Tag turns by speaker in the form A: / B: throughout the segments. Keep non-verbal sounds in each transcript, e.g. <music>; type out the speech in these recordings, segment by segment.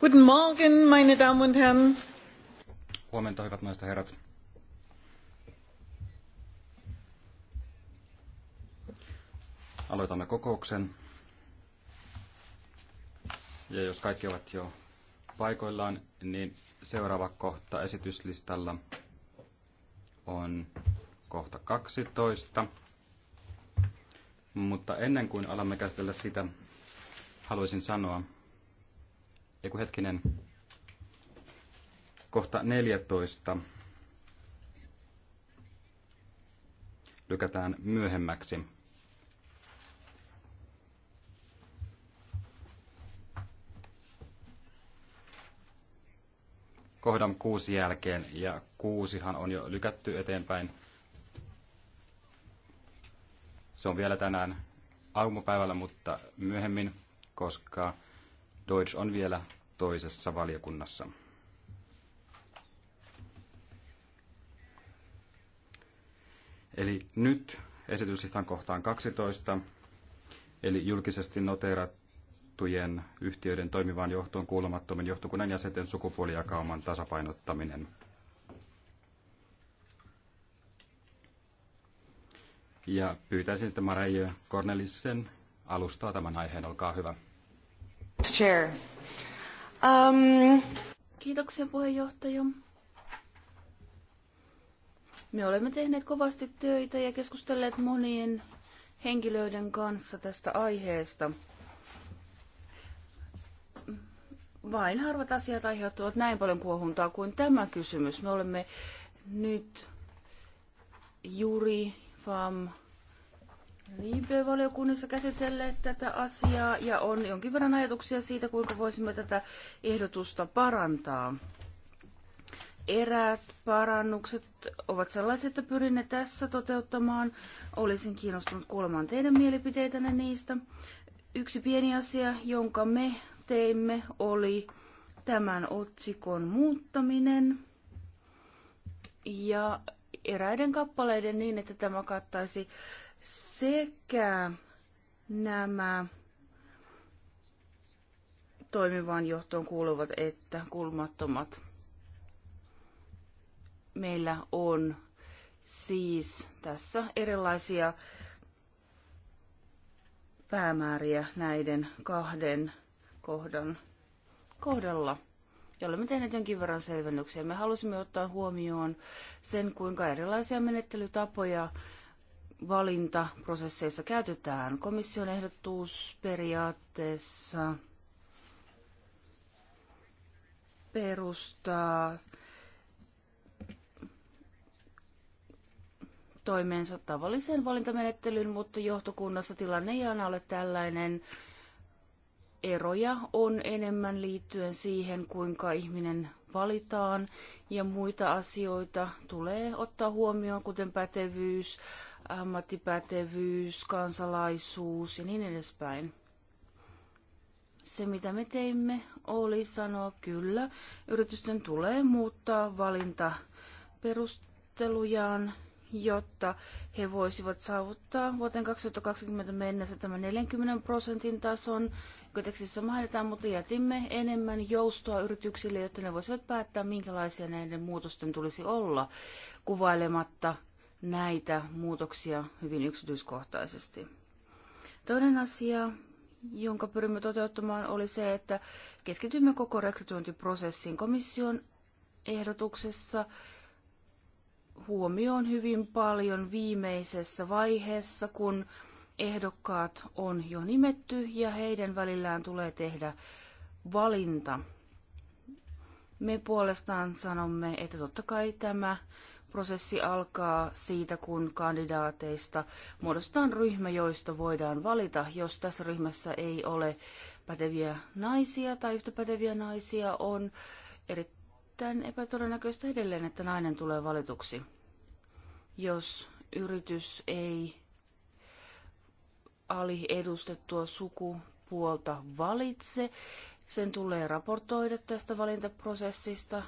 A: Guten Morgen, meine Damen und Herren.
B: Huomenta, hyvät naiset ja herrat. Aloitamme kokouksen. Ja jos kaikki ovat jo paikoillaan, niin seuraava kohta esityslistalla on kohta 12. Mutta ennen kuin alamme käsitellä sitä, haluaisin sanoa, Eiku hetkinen. Kohta 14 lykätään myöhemmäksi. kohdan kuusi jälkeen, ja kuusihan on jo lykätty eteenpäin. Se on vielä tänään aamupäivällä, mutta myöhemmin, koska Deutsch on vielä toisessa valiokunnassa. Eli nyt esityslistan kohtaan 12, eli julkisesti noteerattujen yhtiöiden toimivaan johtoon kuulumattoman johtokunnan jäsenten sukupuolijakauman tasapainottaminen. Ja pyytäisin, että Marie Cornelissen alustaa tämän aiheen. Olkaa hyvä.
A: Chair. Um... Kiitoksia puheenjohtaja. Me olemme tehneet kovasti töitä ja keskustelleet monien henkilöiden kanssa tästä aiheesta. Vain harvat asiat aiheuttavat näin paljon kuohuntaa kuin tämä kysymys. Me olemme nyt Juri, FAM, valiokunnissa käsitelleet tätä asiaa ja on jonkin verran ajatuksia siitä, kuinka voisimme tätä ehdotusta parantaa. Eräät parannukset ovat sellaiset, että pyrin ne tässä toteuttamaan. Olisin kiinnostunut kuulemaan teidän mielipiteitänne niistä. Yksi pieni asia, jonka me teimme, oli tämän otsikon muuttaminen ja eräiden kappaleiden niin, että tämä kattaisi sekä nämä toimivaan johtoon kuuluvat että kulmattomat. Meillä on siis tässä erilaisia päämääriä näiden kahden kohdan kohdalla, jolla me tehneet jonkin verran selvennyksiä. Me halusimme ottaa huomioon sen, kuinka erilaisia menettelytapoja valintaprosesseissa käytetään. Komission ehdotus perustaa toimeensa tavalliseen valintamenettelyyn, mutta johtokunnassa tilanne ei aina ole tällainen eroja on enemmän liittyen siihen, kuinka ihminen valitaan ja muita asioita tulee ottaa huomioon, kuten pätevyys, ammattipätevyys, kansalaisuus ja niin edespäin. Se, mitä me teimme, oli sanoa kyllä, yritysten tulee muuttaa valintaperustelujaan, jotta he voisivat saavuttaa vuoteen 2020 mennessä tämän 40 prosentin tason kodeksissa mainitaan, mutta jätimme enemmän joustoa yrityksille, jotta ne voisivat päättää, minkälaisia näiden muutosten tulisi olla, kuvailematta näitä muutoksia hyvin yksityiskohtaisesti. Toinen asia, jonka pyrimme toteuttamaan, oli se, että keskitymme koko rekrytointiprosessin komission ehdotuksessa huomioon hyvin paljon viimeisessä vaiheessa, kun ehdokkaat on jo nimetty ja heidän välillään tulee tehdä valinta. Me puolestaan sanomme, että totta kai tämä prosessi alkaa siitä, kun kandidaateista muodostetaan ryhmä, joista voidaan valita. Jos tässä ryhmässä ei ole päteviä naisia tai yhtä päteviä naisia, on erittäin epätodennäköistä edelleen, että nainen tulee valituksi. Jos yritys ei aliedustettua sukupuolta valitse. Sen tulee raportoida tästä valintaprosessista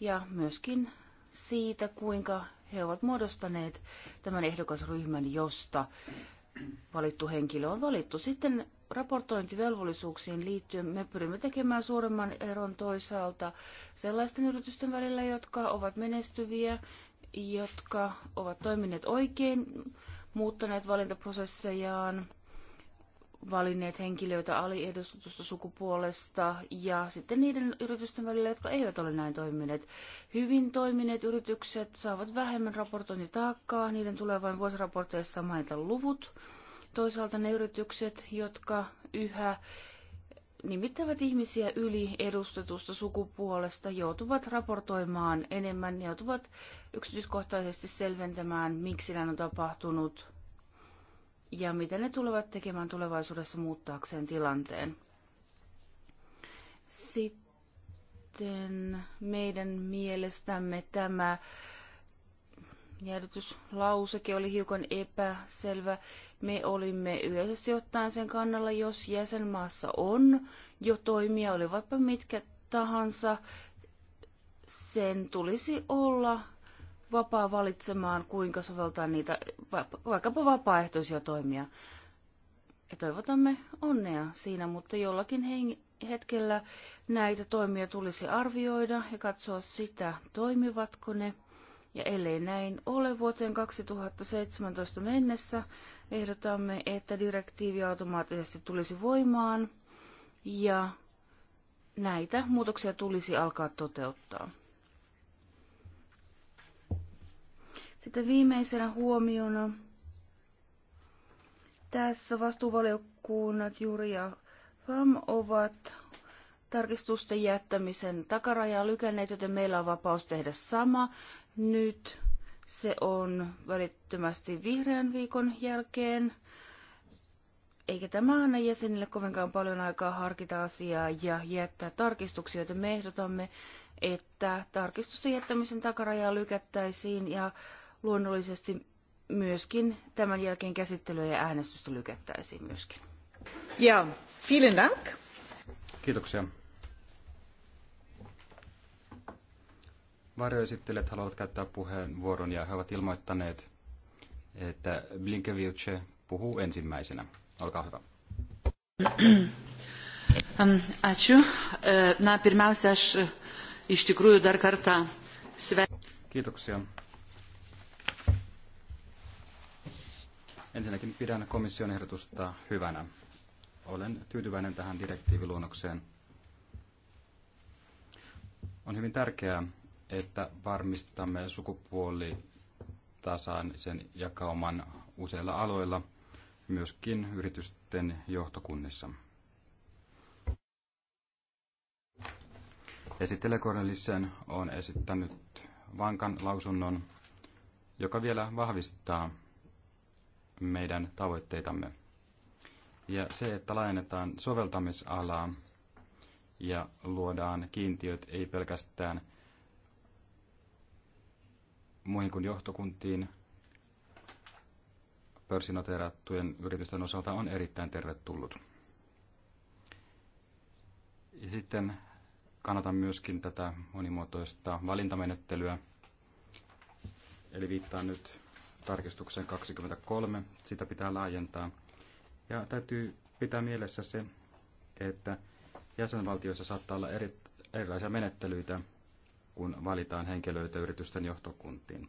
A: ja myöskin siitä, kuinka he ovat muodostaneet tämän ehdokasryhmän, josta valittu henkilö on valittu. Sitten raportointivelvollisuuksiin liittyen me pyrimme tekemään suuremman eron toisaalta sellaisten yritysten välillä, jotka ovat menestyviä, jotka ovat toimineet oikein muuttaneet valintaprosessejaan, valinneet henkilöitä aliedustetusta sukupuolesta ja sitten niiden yritysten välillä, jotka eivät ole näin toimineet. Hyvin toimineet yritykset saavat vähemmän raportointitaakkaa, niiden tulee vain vuosiraporteissa mainita luvut. Toisaalta ne yritykset, jotka yhä nimittävät ihmisiä edustetusta sukupuolesta, joutuvat raportoimaan enemmän, ne joutuvat yksityiskohtaisesti selventämään, miksi näin on tapahtunut ja mitä ne tulevat tekemään tulevaisuudessa muuttaakseen tilanteen. Sitten meidän mielestämme tämä jäädytyslauseke oli hiukan epäselvä. Me olimme yleisesti ottaen sen kannalla, jos jäsenmaassa on jo toimia, olivatpa mitkä tahansa, sen tulisi olla vapaa valitsemaan, kuinka soveltaa niitä, vaikkapa vapaaehtoisia toimia. Ja toivotamme onnea siinä, mutta jollakin hetkellä näitä toimia tulisi arvioida ja katsoa sitä, toimivatko ne – ja ellei näin ole vuoteen 2017 mennessä, ehdotamme, että direktiivi automaattisesti tulisi voimaan ja näitä muutoksia tulisi alkaa toteuttaa. Sitten viimeisenä huomiona tässä vastuuvaliokunnat Juri ja FAM ovat tarkistusten jättämisen takarajaa lykänneet, joten meillä on vapaus tehdä sama. Nyt se on välittömästi vihreän viikon jälkeen. Eikä tämä anna jäsenille kovinkaan paljon aikaa harkita asiaa ja jättää tarkistuksia, joten me ehdotamme, että tarkistusten jättämisen takarajaa lykättäisiin ja luonnollisesti myöskin tämän jälkeen käsittelyä ja äänestystä lykättäisiin myöskin. Ja, vielen dank.
B: Kiitoksia. varjoesittelijät haluavat käyttää puheenvuoron ja he ovat ilmoittaneet, että Blinkeviuche puhuu ensimmäisenä. Olkaa hyvä. E, Kiitoksia. Ensinnäkin pidän komission ehdotusta hyvänä. Olen tyytyväinen tähän direktiiviluonnokseen. On hyvin tärkeää, että varmistamme sukupuolitasaisen jakauman useilla aloilla, myöskin yritysten johtokunnissa. Esittelijä on esittänyt vankan lausunnon, joka vielä vahvistaa meidän tavoitteitamme. Ja se, että laajennetaan soveltamisalaa ja luodaan kiintiöt ei pelkästään – muihin kuin johtokuntiin pörssinoteerattujen yritysten osalta on erittäin tervetullut. Ja sitten kannatan myöskin tätä monimuotoista valintamenettelyä. Eli viittaan nyt tarkistukseen 23. Sitä pitää laajentaa. Ja täytyy pitää mielessä se, että jäsenvaltioissa saattaa olla eri, erilaisia menettelyitä kun valitaan henkilöitä yritysten johtokuntiin.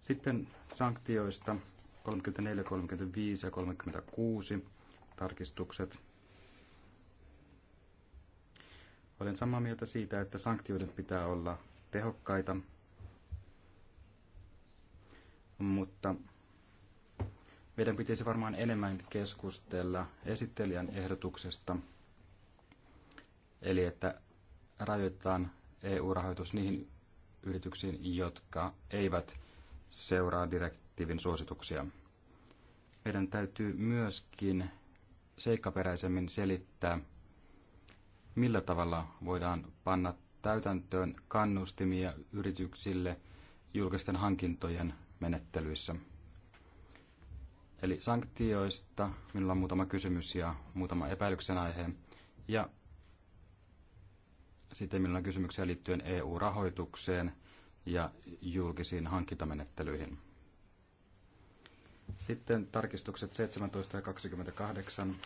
B: Sitten sanktioista 34, 35 ja 36 tarkistukset. Olen samaa mieltä siitä, että sanktioiden pitää olla tehokkaita, mutta meidän pitäisi varmaan enemmän keskustella esittelijän ehdotuksesta, eli että rajoitetaan EU-rahoitus niihin yrityksiin, jotka eivät seuraa direktiivin suosituksia. Meidän täytyy myöskin seikkaperäisemmin selittää, millä tavalla voidaan panna täytäntöön kannustimia yrityksille julkisten hankintojen menettelyissä. Eli sanktioista minulla on muutama kysymys ja muutama epäilyksen aihe. Ja sitten meillä on kysymyksiä liittyen EU-rahoitukseen ja julkisiin hankintamenettelyihin. Sitten tarkistukset 17 ja 28.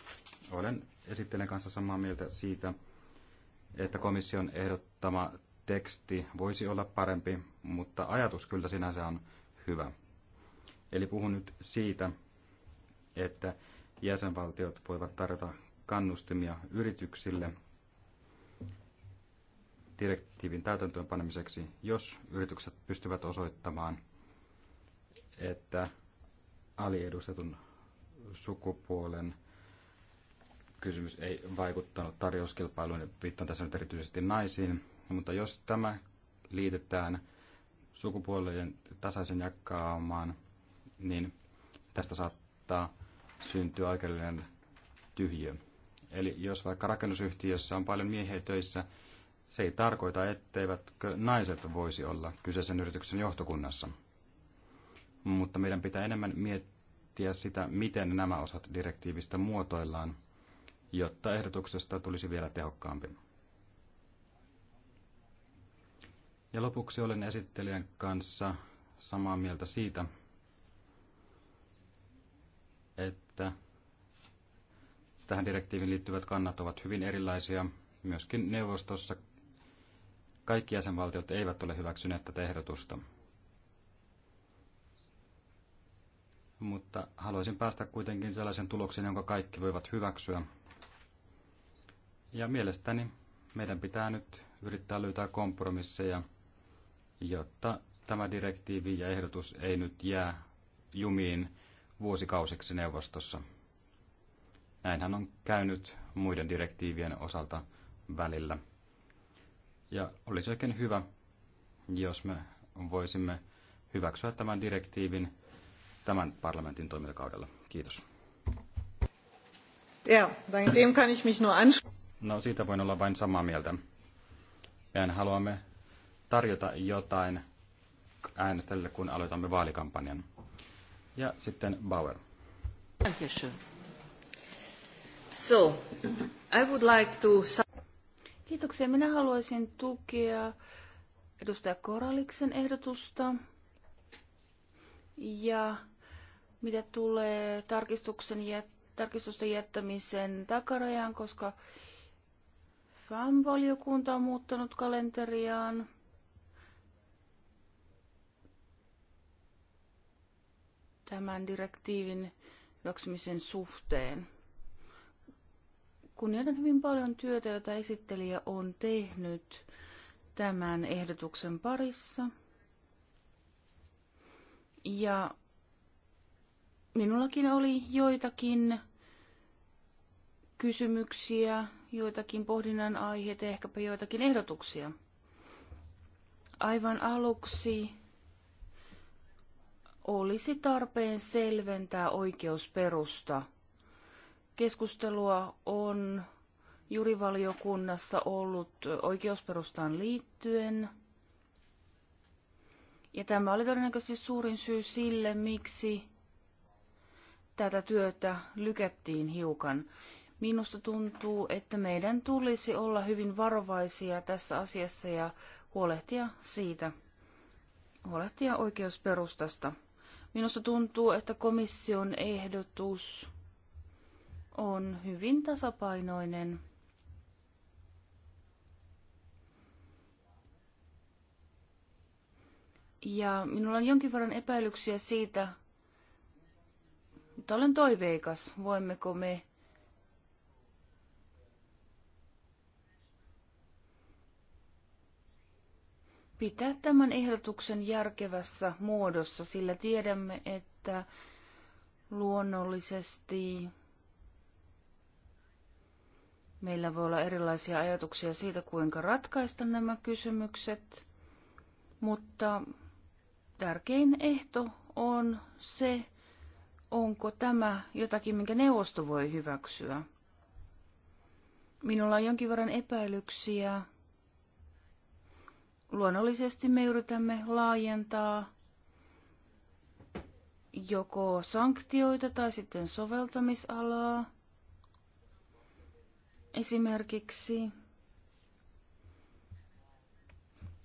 B: Olen esittelen kanssa samaa mieltä siitä, että komission ehdottama teksti voisi olla parempi, mutta ajatus kyllä sinänsä on hyvä. Eli puhun nyt siitä, että jäsenvaltiot voivat tarjota kannustimia yrityksille – direktiivin täytäntöönpanemiseksi, jos yritykset pystyvät osoittamaan, että aliedustetun sukupuolen kysymys ei vaikuttanut tarjouskilpailuun, viittaan tässä nyt erityisesti naisiin, mutta jos tämä liitetään sukupuolien tasaisen jakkaamaan, niin tästä saattaa syntyä oikeudellinen tyhjiö. Eli jos vaikka rakennusyhtiössä on paljon miehiä töissä, se ei tarkoita, etteivätkö naiset voisi olla kyseisen yrityksen johtokunnassa. Mutta meidän pitää enemmän miettiä sitä, miten nämä osat direktiivistä muotoillaan, jotta ehdotuksesta tulisi vielä tehokkaampi. Ja lopuksi olen esittelijän kanssa samaa mieltä siitä, että tähän direktiiviin liittyvät kannat ovat hyvin erilaisia. Myöskin neuvostossa kaikki jäsenvaltiot eivät ole hyväksyneet tätä ehdotusta. Mutta haluaisin päästä kuitenkin sellaisen tuloksen, jonka kaikki voivat hyväksyä. Ja mielestäni meidän pitää nyt yrittää löytää kompromisseja, jotta tämä direktiivi ja ehdotus ei nyt jää jumiin vuosikausiksi neuvostossa. Näinhän on käynyt muiden direktiivien osalta välillä. Ja olisi oikein hyvä, jos me voisimme hyväksyä tämän direktiivin tämän parlamentin toimintakaudella. Kiitos.
C: Ja, dem kann ich mich nur
B: No siitä voin olla vain samaa mieltä. Meidän haluamme tarjota jotain äänestäjille, kun aloitamme vaalikampanjan. Ja sitten Bauer.
A: So, I would like to... Kiitoksia. Minä haluaisin tukea edustaja Koraliksen ehdotusta. Ja mitä tulee tarkistuksen jät- tarkistusten jättämisen takarajaan, koska FAM-valiokunta on muuttanut kalenteriaan. tämän direktiivin hyväksymisen suhteen. Kunnioitan hyvin paljon työtä, jota esittelijä on tehnyt tämän ehdotuksen parissa. Ja minullakin oli joitakin kysymyksiä, joitakin pohdinnan aiheita, ehkäpä joitakin ehdotuksia. Aivan aluksi olisi tarpeen selventää oikeusperusta – Keskustelua on jurivaliokunnassa ollut oikeusperustaan liittyen. Ja tämä oli todennäköisesti suurin syy sille, miksi tätä työtä lykättiin hiukan. Minusta tuntuu, että meidän tulisi olla hyvin varovaisia tässä asiassa ja huolehtia siitä, huolehtia oikeusperustasta. Minusta tuntuu, että komission ehdotus on hyvin tasapainoinen. Ja minulla on jonkin verran epäilyksiä siitä, mutta olen toiveikas, voimmeko me pitää tämän ehdotuksen järkevässä muodossa, sillä tiedämme, että luonnollisesti Meillä voi olla erilaisia ajatuksia siitä, kuinka ratkaista nämä kysymykset, mutta tärkein ehto on se, onko tämä jotakin, minkä neuvosto voi hyväksyä. Minulla on jonkin verran epäilyksiä. Luonnollisesti me yritämme laajentaa joko sanktioita tai sitten soveltamisalaa. Esimerkiksi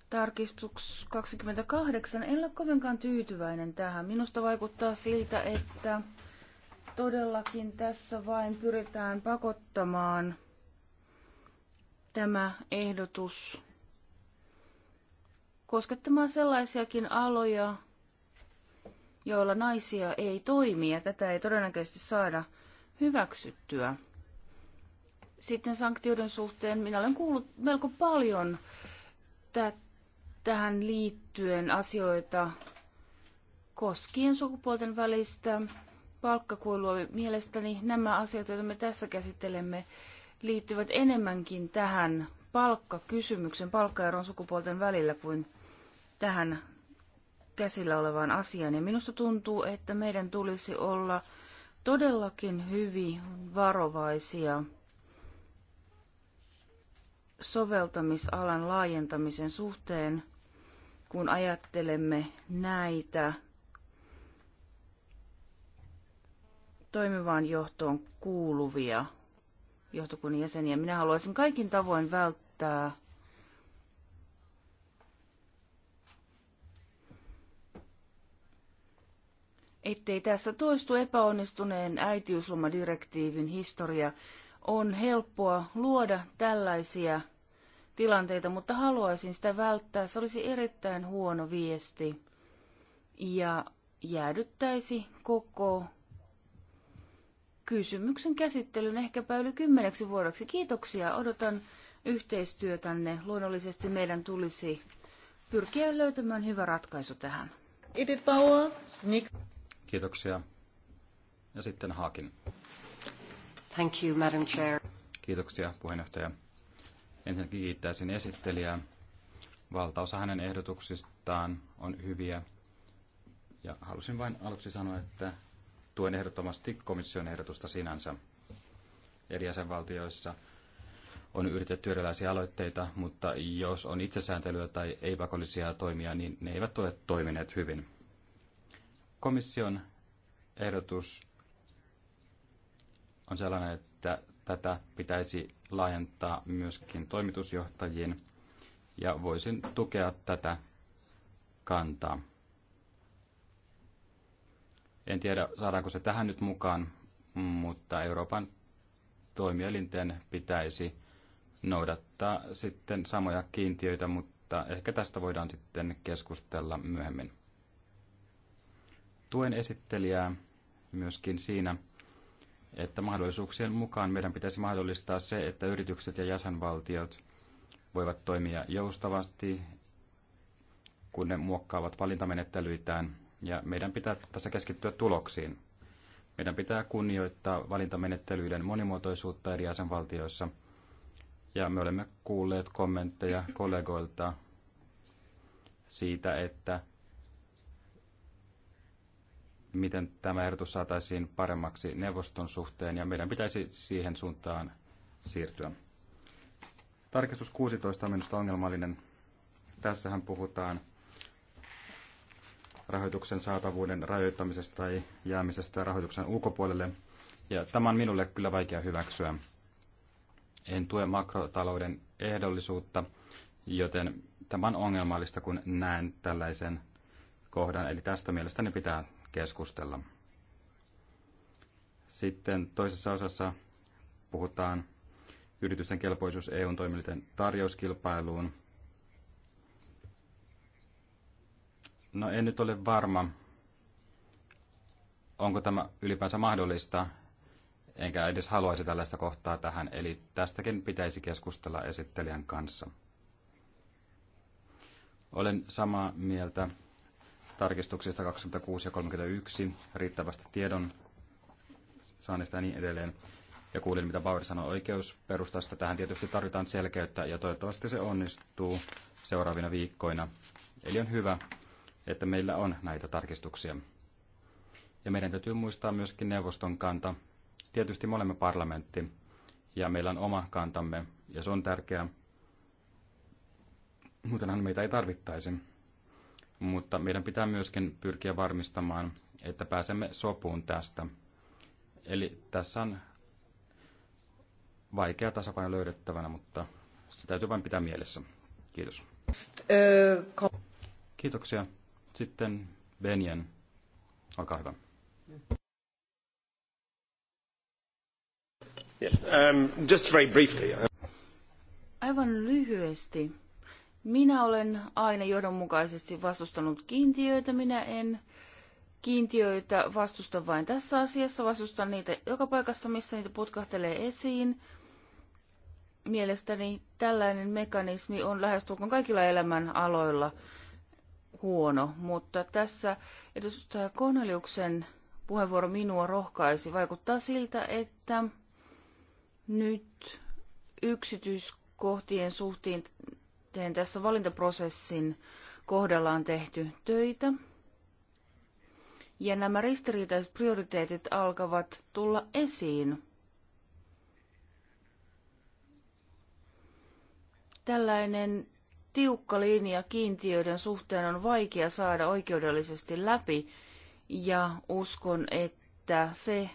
A: tarkistus 28. En ole kovinkaan tyytyväinen tähän. Minusta vaikuttaa siltä, että todellakin tässä vain pyritään pakottamaan tämä ehdotus koskettamaan sellaisiakin aloja, joilla naisia ei toimi ja tätä ei todennäköisesti saada hyväksyttyä sitten sanktioiden suhteen minä olen kuullut melko paljon tä- tähän liittyen asioita koskien sukupuolten välistä palkkakuilua. Mielestäni nämä asiat, joita me tässä käsittelemme, liittyvät enemmänkin tähän palkkakysymyksen, palkkaeron sukupuolten välillä kuin tähän käsillä olevaan asiaan. Ja minusta tuntuu, että meidän tulisi olla todellakin hyvin varovaisia – soveltamisalan laajentamisen suhteen, kun ajattelemme näitä toimivaan johtoon kuuluvia johtokunnan jäseniä. Minä haluaisin kaikin tavoin välttää ettei tässä toistu epäonnistuneen äitiyslomadirektiivin historia. On helppoa luoda tällaisia tilanteita, mutta haluaisin sitä välttää. Se olisi erittäin huono viesti ja jäädyttäisi koko kysymyksen käsittelyn ehkäpä yli kymmeneksi vuodeksi. Kiitoksia, odotan yhteistyötänne. Luonnollisesti meidän tulisi pyrkiä löytämään hyvä ratkaisu tähän.
B: Kiitoksia. Ja sitten Haakin. Thank you, Madam Chair. Kiitoksia, puheenjohtaja. Ensinnäkin kiittäisin esittelijää. Valtaosa hänen ehdotuksistaan on hyviä. Ja halusin vain aluksi sanoa, että tuen ehdottomasti komission ehdotusta sinänsä. Eri jäsenvaltioissa on yritetty erilaisia aloitteita, mutta jos on itsesääntelyä tai ei-pakollisia toimia, niin ne eivät ole toimineet hyvin. Komission ehdotus on sellainen, että tätä pitäisi laajentaa myöskin toimitusjohtajiin ja voisin tukea tätä kantaa. En tiedä, saadaanko se tähän nyt mukaan, mutta Euroopan toimielinten pitäisi noudattaa sitten samoja kiintiöitä, mutta ehkä tästä voidaan sitten keskustella myöhemmin. Tuen esittelijää myöskin siinä, että mahdollisuuksien mukaan meidän pitäisi mahdollistaa se, että yritykset ja jäsenvaltiot voivat toimia joustavasti, kun ne muokkaavat valintamenettelyitään, ja meidän pitää tässä keskittyä tuloksiin. Meidän pitää kunnioittaa valintamenettelyiden monimuotoisuutta eri jäsenvaltioissa, ja me olemme kuulleet kommentteja kollegoilta siitä, että miten tämä ehdotus saataisiin paremmaksi neuvoston suhteen, ja meidän pitäisi siihen suuntaan siirtyä. Tarkistus 16 on minusta ongelmallinen. Tässähän puhutaan rahoituksen saatavuuden rajoittamisesta tai jäämisestä rahoituksen ulkopuolelle. Ja tämä on minulle kyllä vaikea hyväksyä. En tue makrotalouden ehdollisuutta, joten tämä on ongelmallista, kun näen tällaisen kohdan. Eli tästä mielestäni pitää keskustella. Sitten toisessa osassa puhutaan yritysten kelpoisuus EUn toimijoiden tarjouskilpailuun. No en nyt ole varma, onko tämä ylipäänsä mahdollista, enkä edes haluaisi tällaista kohtaa tähän, eli tästäkin pitäisi keskustella esittelijän kanssa. Olen samaa mieltä tarkistuksista 26 ja 31, riittävästi tiedon saannista ja niin edelleen. Ja kuulin, mitä Bauer sanoi oikeusperustasta. Tähän tietysti tarvitaan selkeyttä ja toivottavasti se onnistuu seuraavina viikkoina. Eli on hyvä, että meillä on näitä tarkistuksia. Ja meidän täytyy muistaa myöskin neuvoston kanta. Tietysti me olemme parlamentti ja meillä on oma kantamme ja se on tärkeää. Muutenhan meitä ei tarvittaisi mutta meidän pitää myöskin pyrkiä varmistamaan, että pääsemme sopuun tästä. Eli tässä on vaikea tasapaino löydettävänä, mutta se täytyy vain pitää mielessä. Kiitos. Kiitoksia. Sitten Benjen. Olkaa hyvä. Um, just very briefly.
A: Aivan lyhyesti. Minä olen aina johdonmukaisesti vastustanut kiintiöitä, minä en kiintiöitä vastusta vain tässä asiassa, vastustan niitä joka paikassa, missä niitä putkahtelee esiin. Mielestäni tällainen mekanismi on lähestulkoon kaikilla elämän aloilla huono, mutta tässä edustaja Koneliuksen puheenvuoro minua rohkaisi. Vaikuttaa siltä, että nyt yksityiskohtien suhteen suhteen tässä valintaprosessin kohdalla on tehty töitä. Ja nämä ristiriitaiset prioriteetit alkavat tulla esiin. Tällainen tiukka linja kiintiöiden suhteen on vaikea saada oikeudellisesti läpi, ja uskon, että se,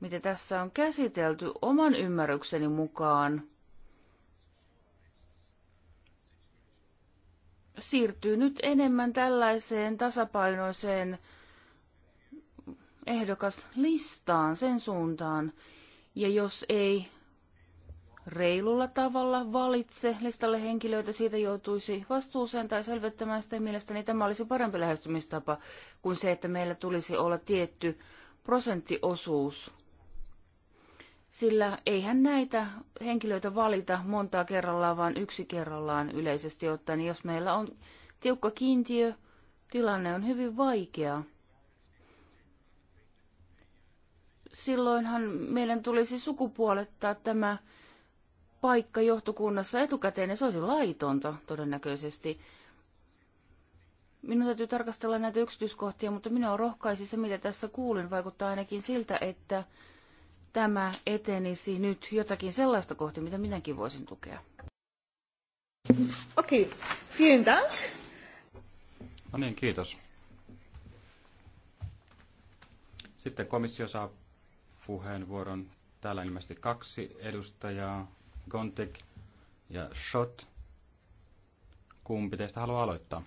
A: mitä tässä on käsitelty oman ymmärrykseni mukaan, siirtyy nyt enemmän tällaiseen tasapainoiseen ehdokaslistaan sen suuntaan. Ja jos ei reilulla tavalla valitse listalle henkilöitä, siitä joutuisi vastuuseen tai selvittämään sitä mielestäni tämä olisi parempi lähestymistapa kuin se, että meillä tulisi olla tietty prosenttiosuus sillä eihän näitä henkilöitä valita montaa kerrallaan, vaan yksi kerrallaan yleisesti ottaen. Jos meillä on tiukka kiintiö, tilanne on hyvin vaikea. Silloinhan meidän tulisi sukupuolettaa tämä paikka johtokunnassa etukäteen, ja se olisi laitonta todennäköisesti. Minun täytyy tarkastella näitä yksityiskohtia, mutta minua rohkaisi se, mitä tässä kuulin. Vaikuttaa ainakin siltä, että tämä etenisi nyt jotakin sellaista kohti, mitä minäkin voisin tukea. Okei, okay. vielen dank.
B: No niin, kiitos. Sitten komissio saa puheenvuoron. Täällä on ilmeisesti kaksi edustajaa, Gontek ja Schott. Kumpi teistä haluaa aloittaa?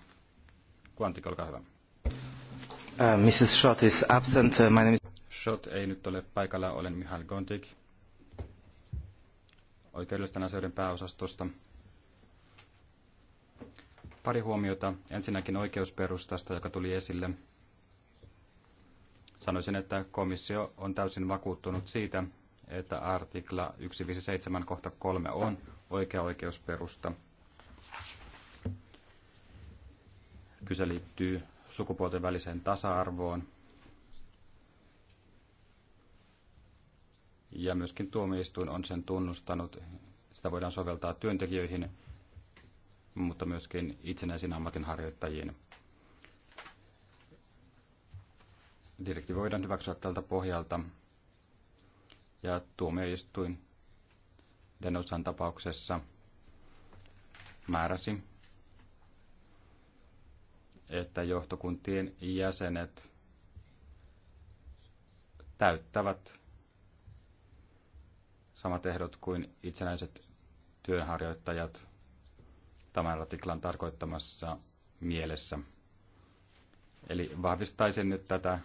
B: Gontek, olkaa hyvä.
A: Uh, Mrs. Schott is absent. Uh, my name is...
B: Schott ei nyt ole paikalla, olen Mihail Gontik oikeudellisten asioiden pääosastosta. Pari huomiota. Ensinnäkin oikeusperustasta, joka tuli esille. Sanoisin, että komissio on täysin vakuuttunut siitä, että artikla 157 kohta 3 on oikea oikeusperusta. Kyse liittyy sukupuolten väliseen tasa-arvoon ja myöskin tuomioistuin on sen tunnustanut. Sitä voidaan soveltaa työntekijöihin, mutta myöskin itsenäisiin ammatinharjoittajiin. Direktiivi voidaan hyväksyä tältä pohjalta ja tuomioistuin Denosan tapauksessa määräsi, että johtokuntien jäsenet täyttävät samat ehdot kuin itsenäiset työnharjoittajat tämän artiklan tarkoittamassa mielessä. Eli vahvistaisin nyt tätä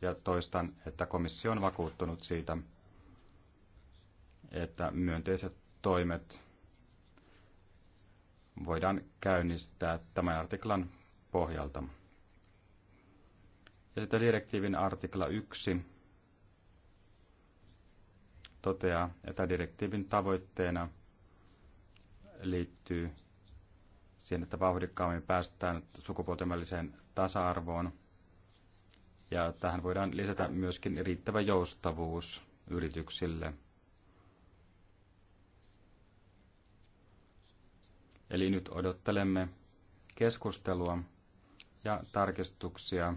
B: ja toistan, että komissio on vakuuttunut siitä, että myönteiset toimet voidaan käynnistää tämän artiklan pohjalta. Ja sitten direktiivin artikla 1 toteaa, että direktiivin tavoitteena liittyy siihen, että vauhdikkaammin päästään sukupuolten väliseen tasa-arvoon. Ja tähän voidaan lisätä myöskin riittävä joustavuus yrityksille. Eli nyt odottelemme keskustelua ja tarkistuksia,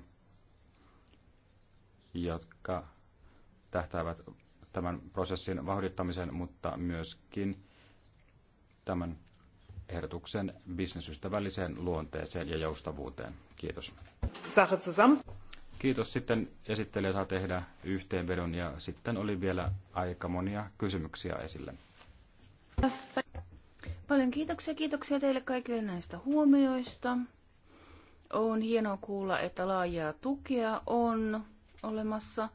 B: jotka tähtäävät tämän prosessin vauhdittamisen, mutta myöskin tämän ehdotuksen bisnesystävälliseen luonteeseen ja joustavuuteen. Kiitos. Kiitos. Sitten esittelijä saa tehdä yhteenvedon ja sitten oli vielä aika monia kysymyksiä esille.
A: Paljon kiitoksia. Kiitoksia teille kaikille näistä huomioista. On hienoa kuulla, että laajaa tukea on olemassa –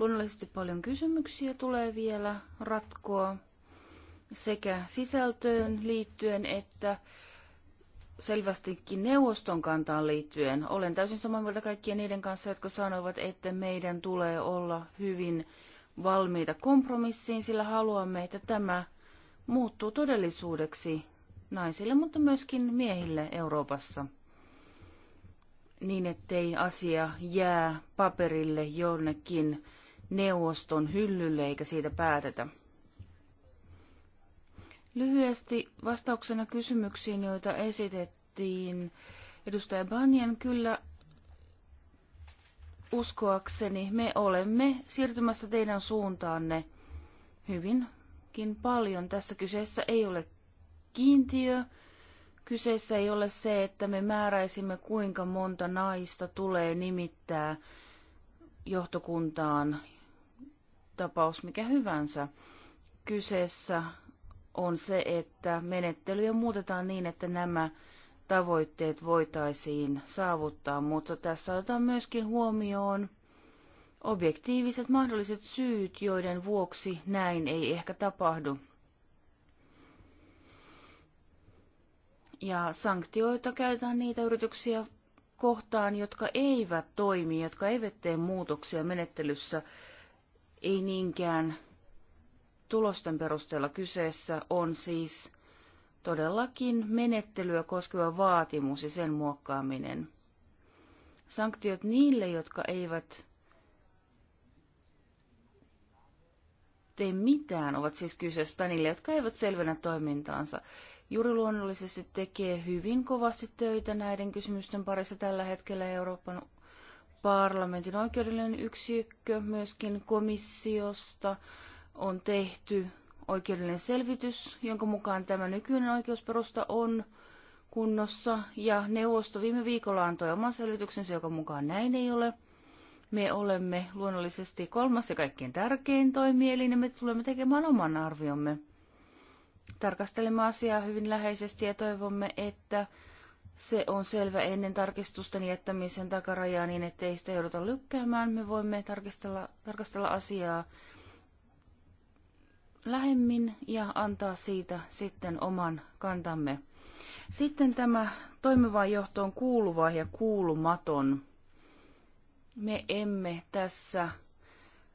A: Luonnollisesti paljon kysymyksiä tulee vielä ratkoa sekä sisältöön liittyen että selvästikin neuvoston kantaan liittyen. Olen täysin samaa mieltä kaikkien niiden kanssa, jotka sanovat, että meidän tulee olla hyvin valmiita kompromissiin, sillä haluamme, että tämä muuttuu todellisuudeksi naisille, mutta myöskin miehille Euroopassa. Niin, ettei asia jää paperille jonnekin neuvoston hyllylle eikä siitä päätetä. Lyhyesti vastauksena kysymyksiin, joita esitettiin. Edustaja Banjan, kyllä uskoakseni me olemme siirtymässä teidän suuntaanne hyvinkin paljon. Tässä kyseessä ei ole kiintiö, kyseessä ei ole se, että me määräisimme kuinka monta naista tulee nimittää johtokuntaan tapaus mikä hyvänsä. Kyseessä on se, että menettelyjä muutetaan niin, että nämä tavoitteet voitaisiin saavuttaa, mutta tässä otetaan myöskin huomioon objektiiviset mahdolliset syyt, joiden vuoksi näin ei ehkä tapahdu. Ja sanktioita käytetään niitä yrityksiä kohtaan, jotka eivät toimi, jotka eivät tee muutoksia menettelyssä ei niinkään tulosten perusteella kyseessä on siis todellakin menettelyä koskeva vaatimus ja sen muokkaaminen. Sanktiot niille, jotka eivät tee mitään, ovat siis kyseessä tai niille, jotka eivät selvennä toimintaansa. Juuri luonnollisesti tekee hyvin kovasti töitä näiden kysymysten parissa tällä hetkellä Euroopan parlamentin oikeudellinen yksikkö, myöskin komissiosta on tehty oikeudellinen selvitys, jonka mukaan tämä nykyinen oikeusperusta on kunnossa. Ja neuvosto viime viikolla antoi oman selvityksensä, joka mukaan näin ei ole. Me olemme luonnollisesti kolmas ja kaikkein tärkein toimielin ja me tulemme tekemään oman arviomme. Tarkastelemme asiaa hyvin läheisesti ja toivomme, että se on selvä ennen tarkistusten jättämisen takarajaa niin, ettei sitä jouduta lykkäämään. Me voimme tarkistella, tarkastella asiaa lähemmin ja antaa siitä sitten oman kantamme. Sitten tämä toimivaan johtoon kuuluva ja kuulumaton. Me emme tässä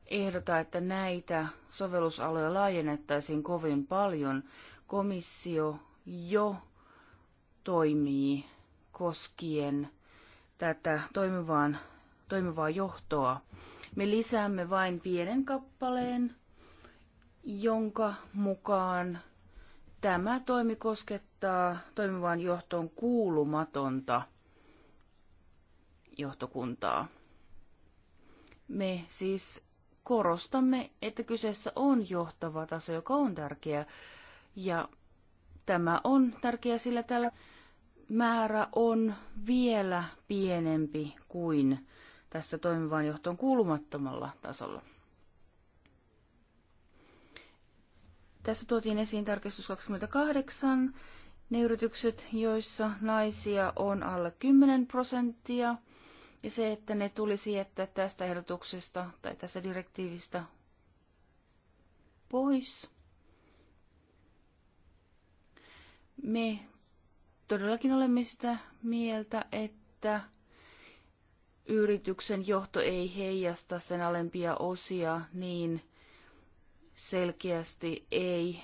A: ehdota, että näitä sovellusaloja laajennettaisiin kovin paljon. Komissio jo toimii koskien tätä toimivaan, toimivaa johtoa. Me lisäämme vain pienen kappaleen, jonka mukaan tämä toimi koskettaa toimivaan johtoon kuulumatonta johtokuntaa. Me siis korostamme, että kyseessä on johtava taso, joka on tärkeä. Ja tämä on tärkeä, sillä tällä määrä on vielä pienempi kuin tässä toimivaan johtoon kuulumattomalla tasolla. Tässä tuotiin esiin tarkistus 28. Ne yritykset, joissa naisia on alle 10 prosenttia, ja se, että ne tulisi jättää tästä ehdotuksesta tai tästä direktiivistä pois. Me todellakin olemme sitä mieltä, että yrityksen johto ei heijasta sen alempia osia niin selkeästi ei.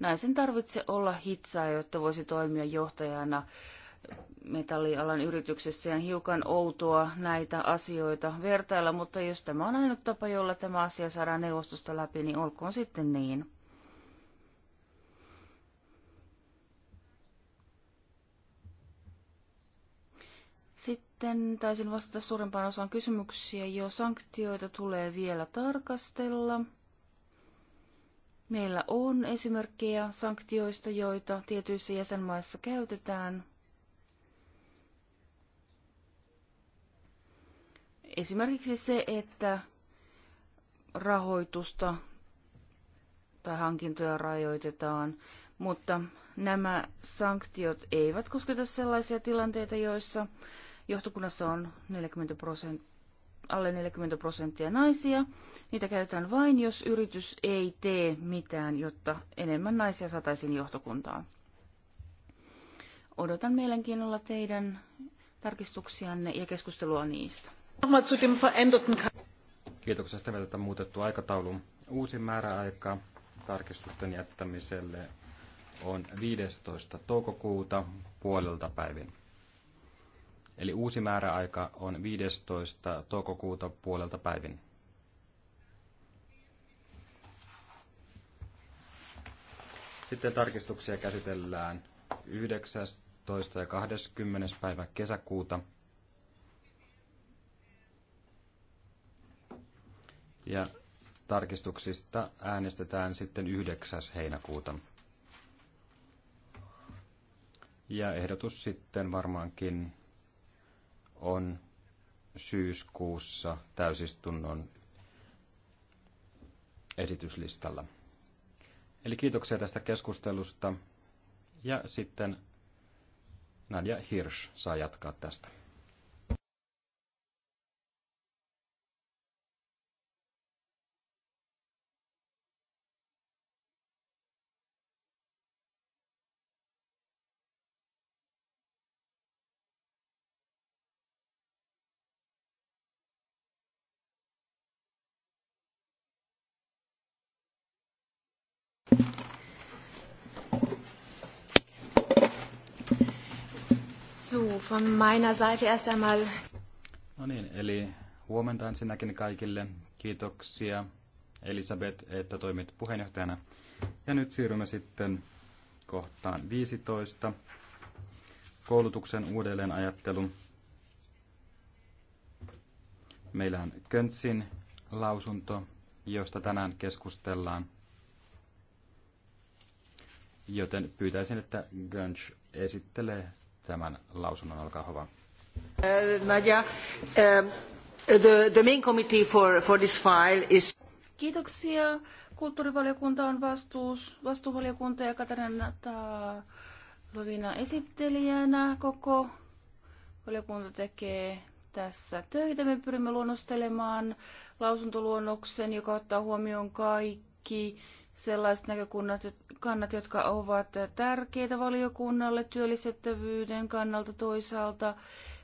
A: Naisen tarvitse olla hitsaa, jotta voisi toimia johtajana metallialan yrityksessä ja hiukan outoa näitä asioita vertailla, mutta jos tämä on ainut tapa, jolla tämä asia saadaan neuvostosta läpi, niin olkoon sitten niin. Sitten taisin vastata suurempaan osaan kysymyksiä jo. Sanktioita tulee vielä tarkastella. Meillä on esimerkkejä sanktioista, joita tietyissä jäsenmaissa käytetään. Esimerkiksi se, että rahoitusta tai hankintoja rajoitetaan, mutta nämä sanktiot eivät kosketa sellaisia tilanteita, joissa Johtokunnassa on 40 prosenttia alle 40 prosenttia naisia. Niitä käytetään vain, jos yritys ei tee mitään, jotta enemmän naisia saataisiin johtokuntaa. Odotan mielenkiinnolla teidän tarkistuksianne ja keskustelua niistä.
B: Kiitoksia sitten vielä muutettu aikataulu. Uusi määräaika tarkistusten jättämiselle on 15. toukokuuta puolelta päivin. Eli uusi määräaika on 15. toukokuuta puolelta päivin. Sitten tarkistuksia käsitellään 19. ja 20. päivä kesäkuuta. Ja tarkistuksista äänestetään sitten 9. heinäkuuta. Ja ehdotus sitten varmaankin on syyskuussa täysistunnon esityslistalla. Eli kiitoksia tästä keskustelusta ja sitten Nadja Hirsch saa jatkaa tästä.
A: von meiner Seite erst einmal.
B: No niin, eli huomenta ensinnäkin kaikille. Kiitoksia Elisabeth, että toimit puheenjohtajana. Ja nyt siirrymme sitten kohtaan 15. Koulutuksen uudelleenajattelu. Meillä on Köntsin lausunto, josta tänään keskustellaan. Joten pyytäisin, että Gönch esittelee tämän lausunnon. Olkaa hyvä.
C: Eh, Nadja, eh, the, the main committee for, for this file is...
A: Kiitoksia. Kulttuurivaliokunta on vastuus, vastuuvaliokunta ja Katarina Lovina esittelijänä koko valiokunta tekee tässä töitä. Me pyrimme luonnostelemaan lausuntoluonnoksen, joka ottaa huomioon kaikki sellaiset näkökunnat, kannat, jotka ovat tärkeitä valiokunnalle työllistettävyyden kannalta toisaalta,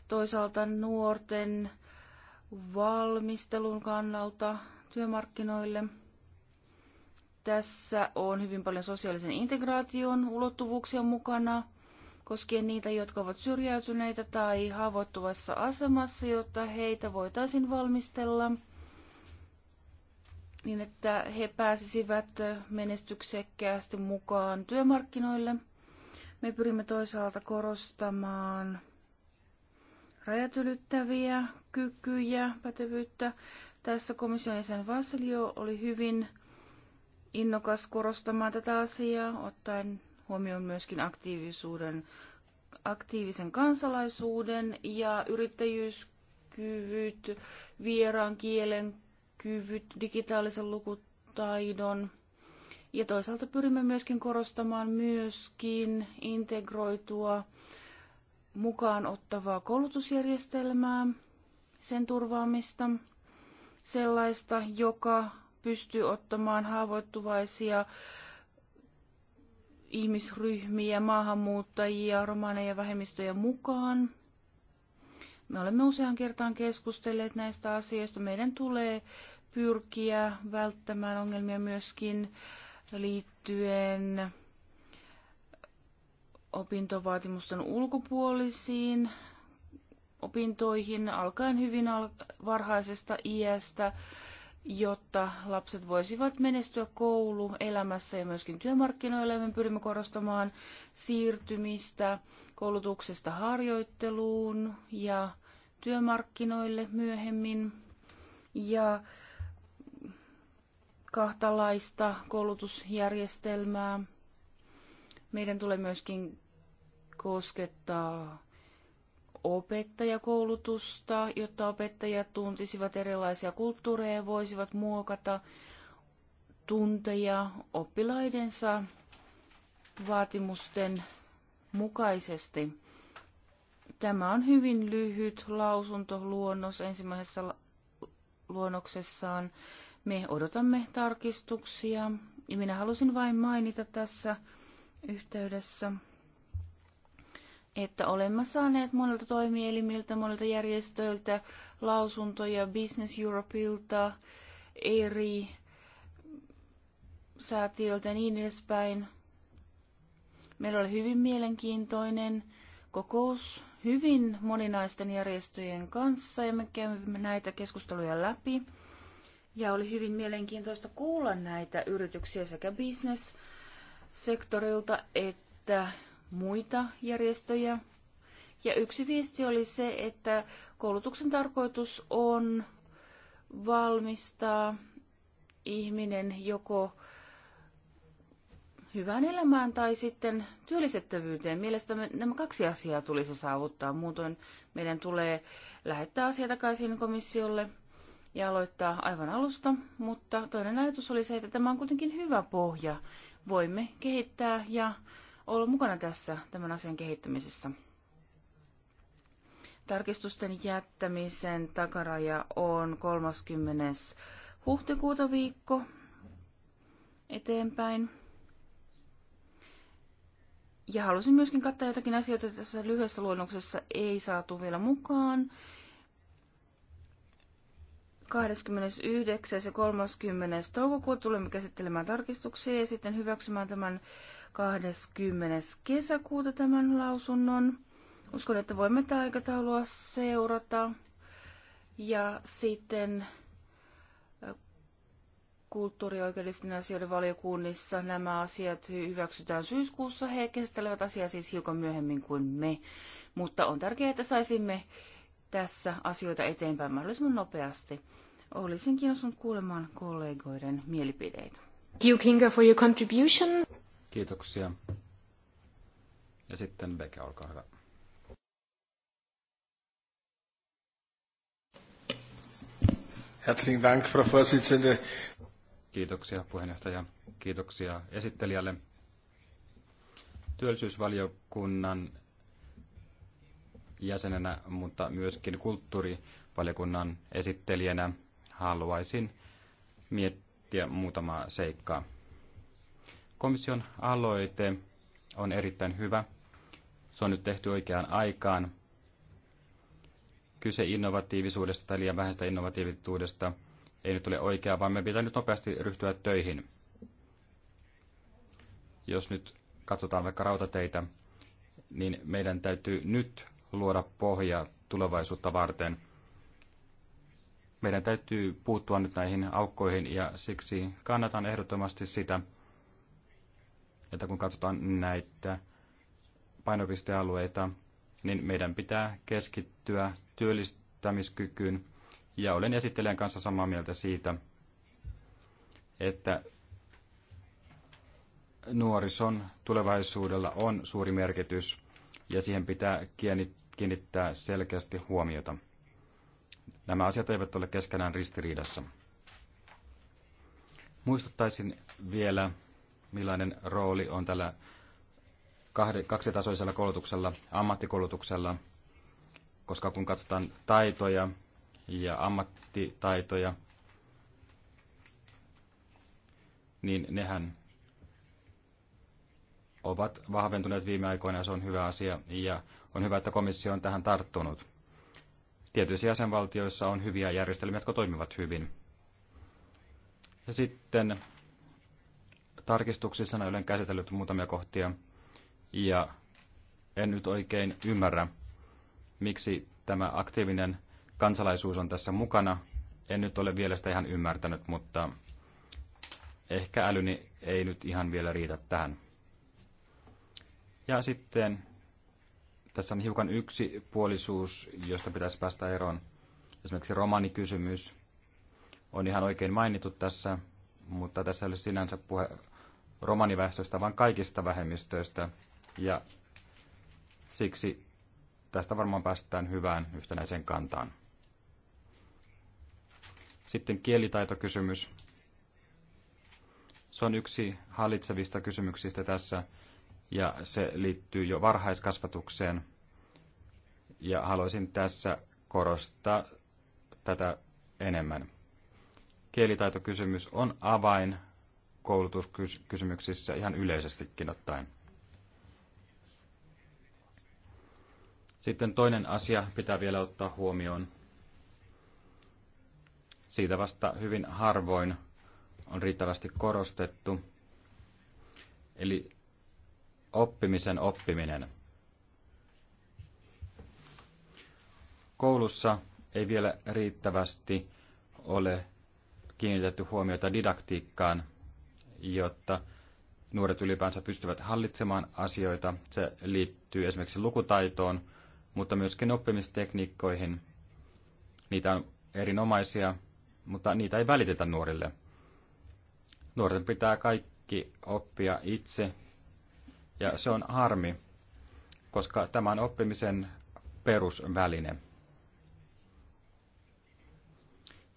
A: toisaalta nuorten valmistelun kannalta työmarkkinoille. Tässä on hyvin paljon sosiaalisen integraation ulottuvuuksia mukana koskien niitä, jotka ovat syrjäytyneitä tai haavoittuvassa asemassa, jotta heitä voitaisiin valmistella – niin että he pääsisivät menestyksekkäästi mukaan työmarkkinoille. Me pyrimme toisaalta korostamaan rajat ylittäviä kykyjä, pätevyyttä. Tässä komission jäsen Vasilio oli hyvin innokas korostamaan tätä asiaa, ottaen huomioon myöskin aktiivisuuden, aktiivisen kansalaisuuden ja yrittäjyyskyvyt, vieraan kielen kyvyt, digitaalisen lukutaidon. Ja toisaalta pyrimme myöskin korostamaan myöskin integroitua mukaan ottavaa koulutusjärjestelmää, sen turvaamista, sellaista, joka pystyy ottamaan haavoittuvaisia ihmisryhmiä, maahanmuuttajia, romaneja, vähemmistöjä mukaan. Me olemme usean kertaan keskustelleet näistä asioista. Meidän tulee pyrkiä välttämään ongelmia myöskin liittyen opintovaatimusten ulkopuolisiin opintoihin alkaen hyvin varhaisesta iästä, jotta lapset voisivat menestyä kouluelämässä ja myöskin työmarkkinoilla. Me pyrimme korostamaan siirtymistä koulutuksesta harjoitteluun ja työmarkkinoille myöhemmin ja kahtalaista koulutusjärjestelmää. Meidän tulee myöskin koskettaa opettajakoulutusta, jotta opettajat tuntisivat erilaisia kulttuureja ja voisivat muokata tunteja oppilaidensa vaatimusten mukaisesti. Tämä on hyvin lyhyt lausunto luonnos ensimmäisessä luonnoksessaan. Me odotamme tarkistuksia. Ja minä halusin vain mainita tässä yhteydessä, että olemme saaneet monilta toimielimiltä, monilta järjestöiltä lausuntoja Business Europeilta, eri säätiöiltä ja niin edespäin. Meillä oli hyvin mielenkiintoinen kokous hyvin moninaisten järjestöjen kanssa ja me kävimme näitä keskusteluja läpi. Ja oli hyvin mielenkiintoista kuulla näitä yrityksiä sekä bisnessektorilta että muita järjestöjä. Ja yksi viesti oli se, että koulutuksen tarkoitus on valmistaa ihminen joko hyvään elämään tai sitten työllistettävyyteen. Mielestäni nämä kaksi asiaa tulisi saavuttaa. Muutoin meidän tulee lähettää asia takaisin komissiolle ja aloittaa aivan alusta, mutta toinen ajatus oli se, että tämä on kuitenkin hyvä pohja. Voimme kehittää ja olla mukana tässä tämän asian kehittämisessä. Tarkistusten jättämisen takaraja on 30. huhtikuuta viikko eteenpäin. Ja halusin myöskin katsoa jotakin asioita, joita tässä lyhyessä luonnoksessa ei saatu vielä mukaan. 29. ja 30. toukokuuta tulemme käsittelemään tarkistuksia ja sitten hyväksymään tämän 20. kesäkuuta tämän lausunnon. Uskon, että voimme tätä aikataulua seurata. Ja sitten kulttuurioikeudellisten asioiden valiokunnissa nämä asiat hyväksytään syyskuussa. He käsittelevät asiaa siis hiukan myöhemmin kuin me, mutta on tärkeää, että saisimme tässä asioita eteenpäin mahdollisimman nopeasti. Olisin kiinnostunut kuulemaan kollegoiden mielipideitä. Kiukinga for your contribution.
B: Kiitoksia. Ja sitten Beke, olkaa hyvä. Herzlichen Dank, Frau Vorsitzende. Kiitoksia puheenjohtaja. Kiitoksia esittelijälle. Työllisyysvaliokunnan jäsenenä, mutta myöskin kulttuurivaliokunnan esittelijänä haluaisin miettiä muutamaa seikkaa. Komission aloite on erittäin hyvä. Se on nyt tehty oikeaan aikaan. Kyse innovatiivisuudesta tai liian vähäistä innovatiivisuudesta – ei nyt ole oikea, vaan me pitää nyt nopeasti ryhtyä töihin. Jos nyt katsotaan vaikka rautateitä, niin meidän täytyy nyt luoda pohja tulevaisuutta varten. Meidän täytyy puuttua nyt näihin aukkoihin ja siksi kannatan ehdottomasti sitä, että kun katsotaan näitä painopistealueita, niin meidän pitää keskittyä työllistämiskykyyn ja olen esittelijän kanssa samaa mieltä siitä, että nuorison tulevaisuudella on suuri merkitys ja siihen pitää kiinnittää selkeästi huomiota. Nämä asiat eivät ole keskenään ristiriidassa. Muistuttaisin vielä, millainen rooli on tällä kaksitasoisella koulutuksella, ammattikoulutuksella, koska kun katsotaan taitoja, ja ammattitaitoja, niin nehän ovat vahventuneet viime aikoina ja se on hyvä asia ja on hyvä, että komissio on tähän tarttunut. Tietyissä jäsenvaltioissa on hyviä järjestelmiä, jotka toimivat hyvin. Ja sitten tarkistuksissa olen käsitellyt muutamia kohtia ja en nyt oikein ymmärrä, miksi tämä aktiivinen kansalaisuus on tässä mukana. En nyt ole vielä sitä ihan ymmärtänyt, mutta ehkä älyni ei nyt ihan vielä riitä tähän. Ja sitten tässä on hiukan yksi puolisuus, josta pitäisi päästä eroon. Esimerkiksi romanikysymys on ihan oikein mainittu tässä, mutta tässä oli sinänsä puhe romaniväestöstä, vaan kaikista vähemmistöistä. Ja siksi tästä varmaan päästään hyvään yhtenäiseen kantaan. Sitten kielitaitokysymys. Se on yksi hallitsevista kysymyksistä tässä ja se liittyy jo varhaiskasvatukseen. Ja haluaisin tässä korostaa tätä enemmän. Kielitaitokysymys on avain koulutuskysymyksissä ihan yleisestikin ottaen. Sitten toinen asia pitää vielä ottaa huomioon, siitä vasta hyvin harvoin on riittävästi korostettu. Eli oppimisen oppiminen. Koulussa ei vielä riittävästi ole kiinnitetty huomiota didaktiikkaan, jotta nuoret ylipäänsä pystyvät hallitsemaan asioita. Se liittyy esimerkiksi lukutaitoon, mutta myöskin oppimistekniikkoihin. Niitä on erinomaisia, mutta niitä ei välitetä nuorille. Nuorten pitää kaikki oppia itse, ja se on harmi, koska tämä on oppimisen perusväline.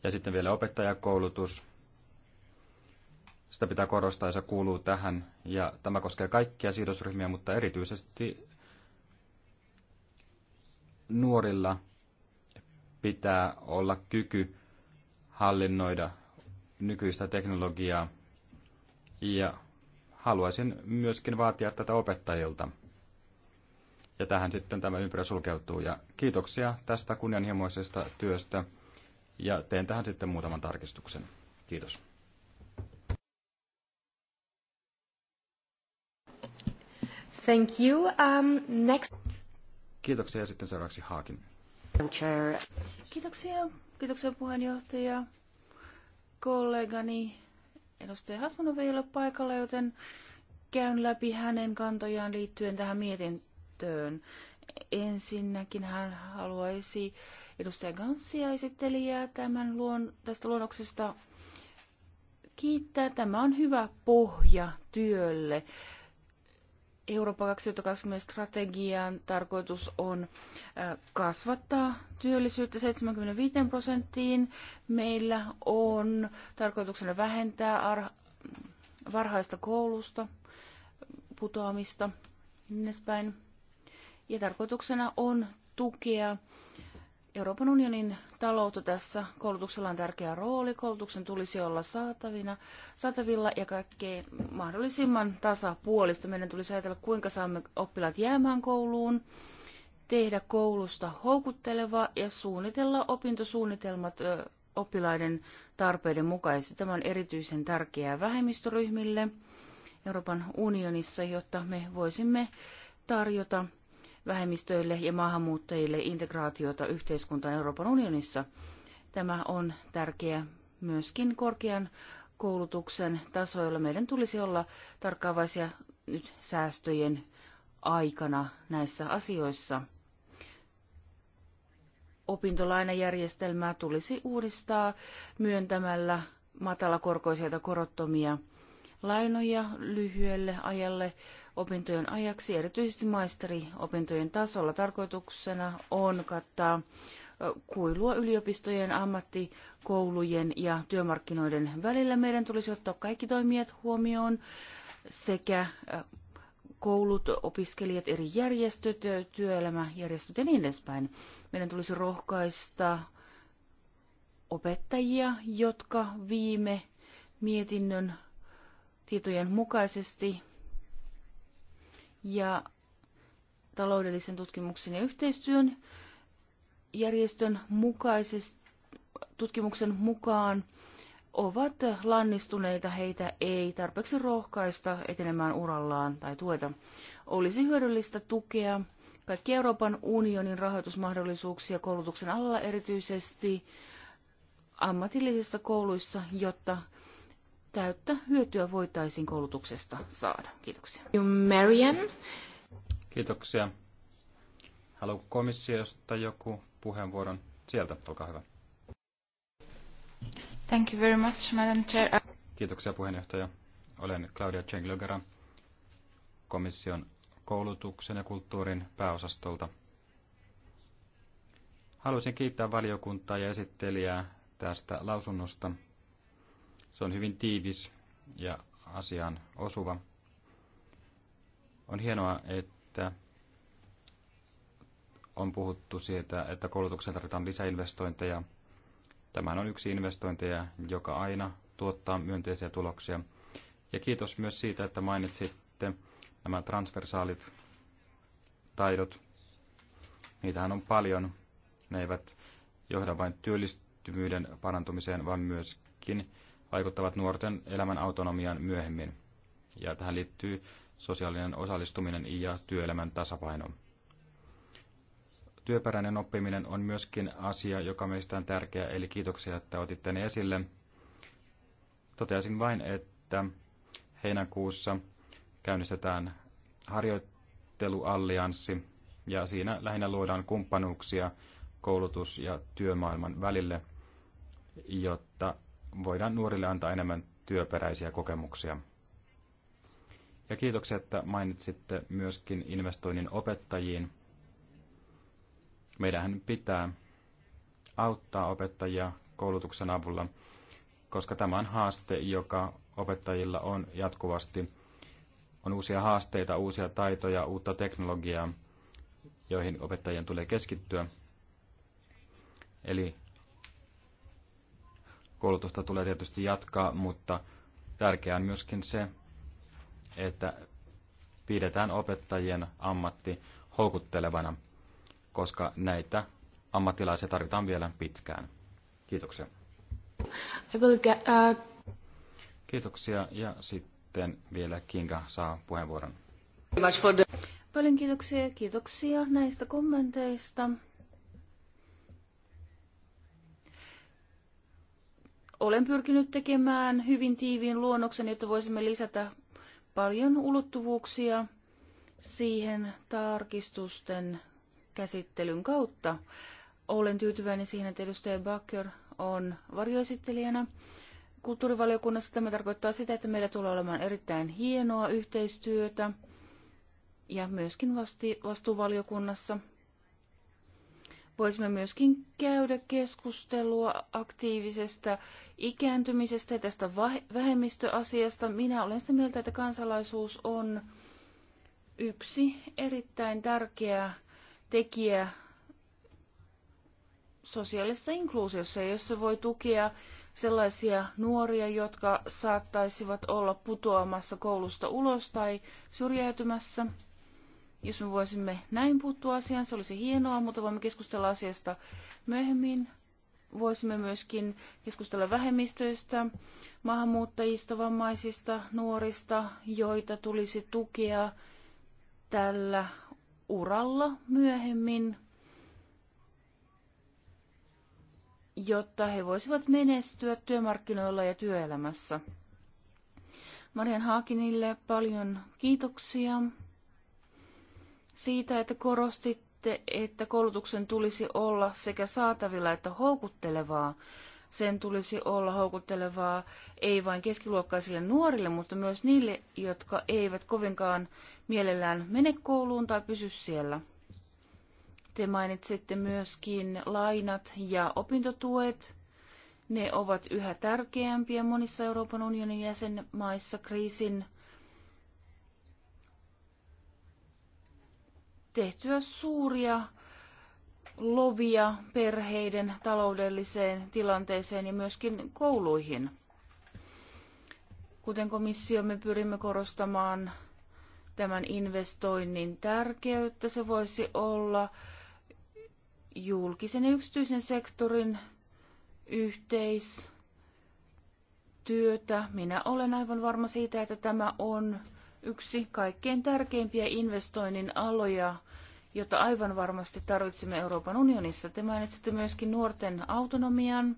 B: Ja sitten vielä opettajakoulutus. Sitä pitää korostaa ja se kuuluu tähän. Ja tämä koskee kaikkia sidosryhmiä, mutta erityisesti nuorilla pitää olla kyky hallinnoida nykyistä teknologiaa. Ja haluaisin myöskin vaatia tätä opettajilta. Ja tähän sitten tämä ympyrä sulkeutuu. Ja kiitoksia tästä kunnianhimoisesta työstä. Ja teen tähän sitten muutaman tarkistuksen. Kiitos.
A: Thank you. Um, next.
B: Kiitoksia ja sitten seuraavaksi Haakin.
A: Kiitoksia Kiitoksia puheenjohtaja. Kollegani edustaja Hasmanov ei ole paikalla, joten käyn läpi hänen kantojaan liittyen tähän mietintöön. Ensinnäkin hän haluaisi edustaja Ganssia esittelijää tämän luon, tästä luonnoksesta kiittää. Tämä on hyvä pohja työlle. Eurooppa 2020 strategian tarkoitus on kasvattaa työllisyyttä 75 prosenttiin. Meillä on tarkoituksena vähentää varhaista koulusta putoamista niin edespäin. Ja tarkoituksena on tukea Euroopan unionin taloutta tässä. Koulutuksella on tärkeä rooli. Koulutuksen tulisi olla saatavina, saatavilla ja kaikkein mahdollisimman tasapuolista. Meidän tulisi ajatella, kuinka saamme oppilaat jäämään kouluun, tehdä koulusta houkutteleva ja suunnitella opintosuunnitelmat oppilaiden tarpeiden mukaisesti. Tämä on erityisen tärkeää vähemmistöryhmille Euroopan unionissa, jotta me voisimme tarjota vähemmistöille ja maahanmuuttajille integraatiota yhteiskuntaan Euroopan unionissa. Tämä on tärkeä myöskin korkean koulutuksen tasoilla. Meidän tulisi olla tarkkaavaisia nyt säästöjen aikana näissä asioissa. Opintolainajärjestelmää tulisi uudistaa myöntämällä matalakorkoisia korottomia lainoja lyhyelle ajalle opintojen ajaksi, erityisesti maisteriopintojen tasolla. Tarkoituksena on kattaa kuilua yliopistojen, ammattikoulujen ja työmarkkinoiden välillä. Meidän tulisi ottaa kaikki toimijat huomioon sekä koulut, opiskelijat, eri järjestöt, työelämäjärjestöt ja niin edespäin. Meidän tulisi rohkaista opettajia, jotka viime mietinnön tietojen mukaisesti ja taloudellisen tutkimuksen ja yhteistyön järjestön tutkimuksen mukaan ovat lannistuneita, heitä ei tarpeeksi rohkaista etenemään urallaan tai tueta. Olisi hyödyllistä tukea kaikki Euroopan unionin rahoitusmahdollisuuksia koulutuksen alalla erityisesti ammatillisissa kouluissa, jotta täyttä hyötyä voitaisiin koulutuksesta saada. Kiitoksia. Marian.
B: Kiitoksia. Haluatko komissiosta joku puheenvuoron? Sieltä, olkaa hyvä.
A: Thank you very much, Madam
B: Chair. Kiitoksia puheenjohtaja. Olen Claudia Cenglögerä komission koulutuksen ja kulttuurin pääosastolta. Haluaisin kiittää valiokuntaa ja esittelijää tästä lausunnosta – se on hyvin tiivis ja asiaan osuva. On hienoa, että on puhuttu siitä, että koulutukseen tarvitaan lisäinvestointeja. Tämä on yksi investointeja, joka aina tuottaa myönteisiä tuloksia. Ja kiitos myös siitä, että mainitsitte nämä transversaalit taidot. Niitähän on paljon. Ne eivät johda vain työllistymyyden parantumiseen, vaan myöskin vaikuttavat nuorten elämän autonomiaan myöhemmin. Ja tähän liittyy sosiaalinen osallistuminen ja työelämän tasapaino. Työperäinen oppiminen on myöskin asia, joka meistä on tärkeä, eli kiitoksia, että otitte ne esille. Toteaisin vain, että heinäkuussa käynnistetään harjoitteluallianssi, ja siinä lähinnä luodaan kumppanuuksia koulutus- ja työmaailman välille, jotta voidaan nuorille antaa enemmän työperäisiä kokemuksia. Ja kiitoksia, että mainitsitte myöskin investoinnin opettajiin. Meidän pitää auttaa opettajia koulutuksen avulla, koska tämä on haaste, joka opettajilla on jatkuvasti. On uusia haasteita, uusia taitoja, uutta teknologiaa, joihin opettajien tulee keskittyä. Eli Koulutusta tulee tietysti jatkaa, mutta tärkeää on myöskin se, että pidetään opettajien ammatti houkuttelevana, koska näitä ammattilaisia tarvitaan vielä pitkään. Kiitoksia.
A: I will get, uh...
B: Kiitoksia ja sitten vielä Kinga saa puheenvuoron.
A: Paljon kiitoksia ja kiitoksia näistä kommenteista. Olen pyrkinyt tekemään hyvin tiiviin luonnoksen, jotta voisimme lisätä paljon ulottuvuuksia siihen tarkistusten käsittelyn kautta. Olen tyytyväinen siihen, että edustaja Bakker on varjoesittelijänä. Kulttuurivaliokunnassa tämä tarkoittaa sitä, että meillä tulee olemaan erittäin hienoa yhteistyötä ja myöskin vasti, vastuuvaliokunnassa voisimme myöskin käydä keskustelua aktiivisesta ikääntymisestä ja tästä vähemmistöasiasta. Minä olen sitä mieltä, että kansalaisuus on yksi erittäin tärkeä tekijä sosiaalisessa inkluusiossa, jossa voi tukea sellaisia nuoria, jotka saattaisivat olla putoamassa koulusta ulos tai syrjäytymässä – jos me voisimme näin puuttua asiaan, se olisi hienoa, mutta voimme keskustella asiasta myöhemmin. Voisimme myöskin keskustella vähemmistöistä, maahanmuuttajista, vammaisista, nuorista, joita tulisi tukea tällä uralla myöhemmin, jotta he voisivat menestyä työmarkkinoilla ja työelämässä. Marian Haakinille paljon kiitoksia siitä, että korostitte, että koulutuksen tulisi olla sekä saatavilla että houkuttelevaa. Sen tulisi olla houkuttelevaa ei vain keskiluokkaisille nuorille, mutta myös niille, jotka eivät kovinkaan mielellään mene kouluun tai pysy siellä. Te mainitsitte myöskin lainat ja opintotuet. Ne ovat yhä tärkeämpiä monissa Euroopan unionin jäsenmaissa kriisin tehtyä suuria lovia perheiden taloudelliseen tilanteeseen ja myöskin kouluihin. Kuten komissio, me pyrimme korostamaan tämän investoinnin tärkeyttä. Se voisi olla julkisen ja yksityisen sektorin yhteistyötä. Minä olen aivan varma siitä, että tämä on yksi kaikkein tärkeimpiä investoinnin aloja, jota aivan varmasti tarvitsemme Euroopan unionissa. Te mainitsitte myöskin nuorten autonomian.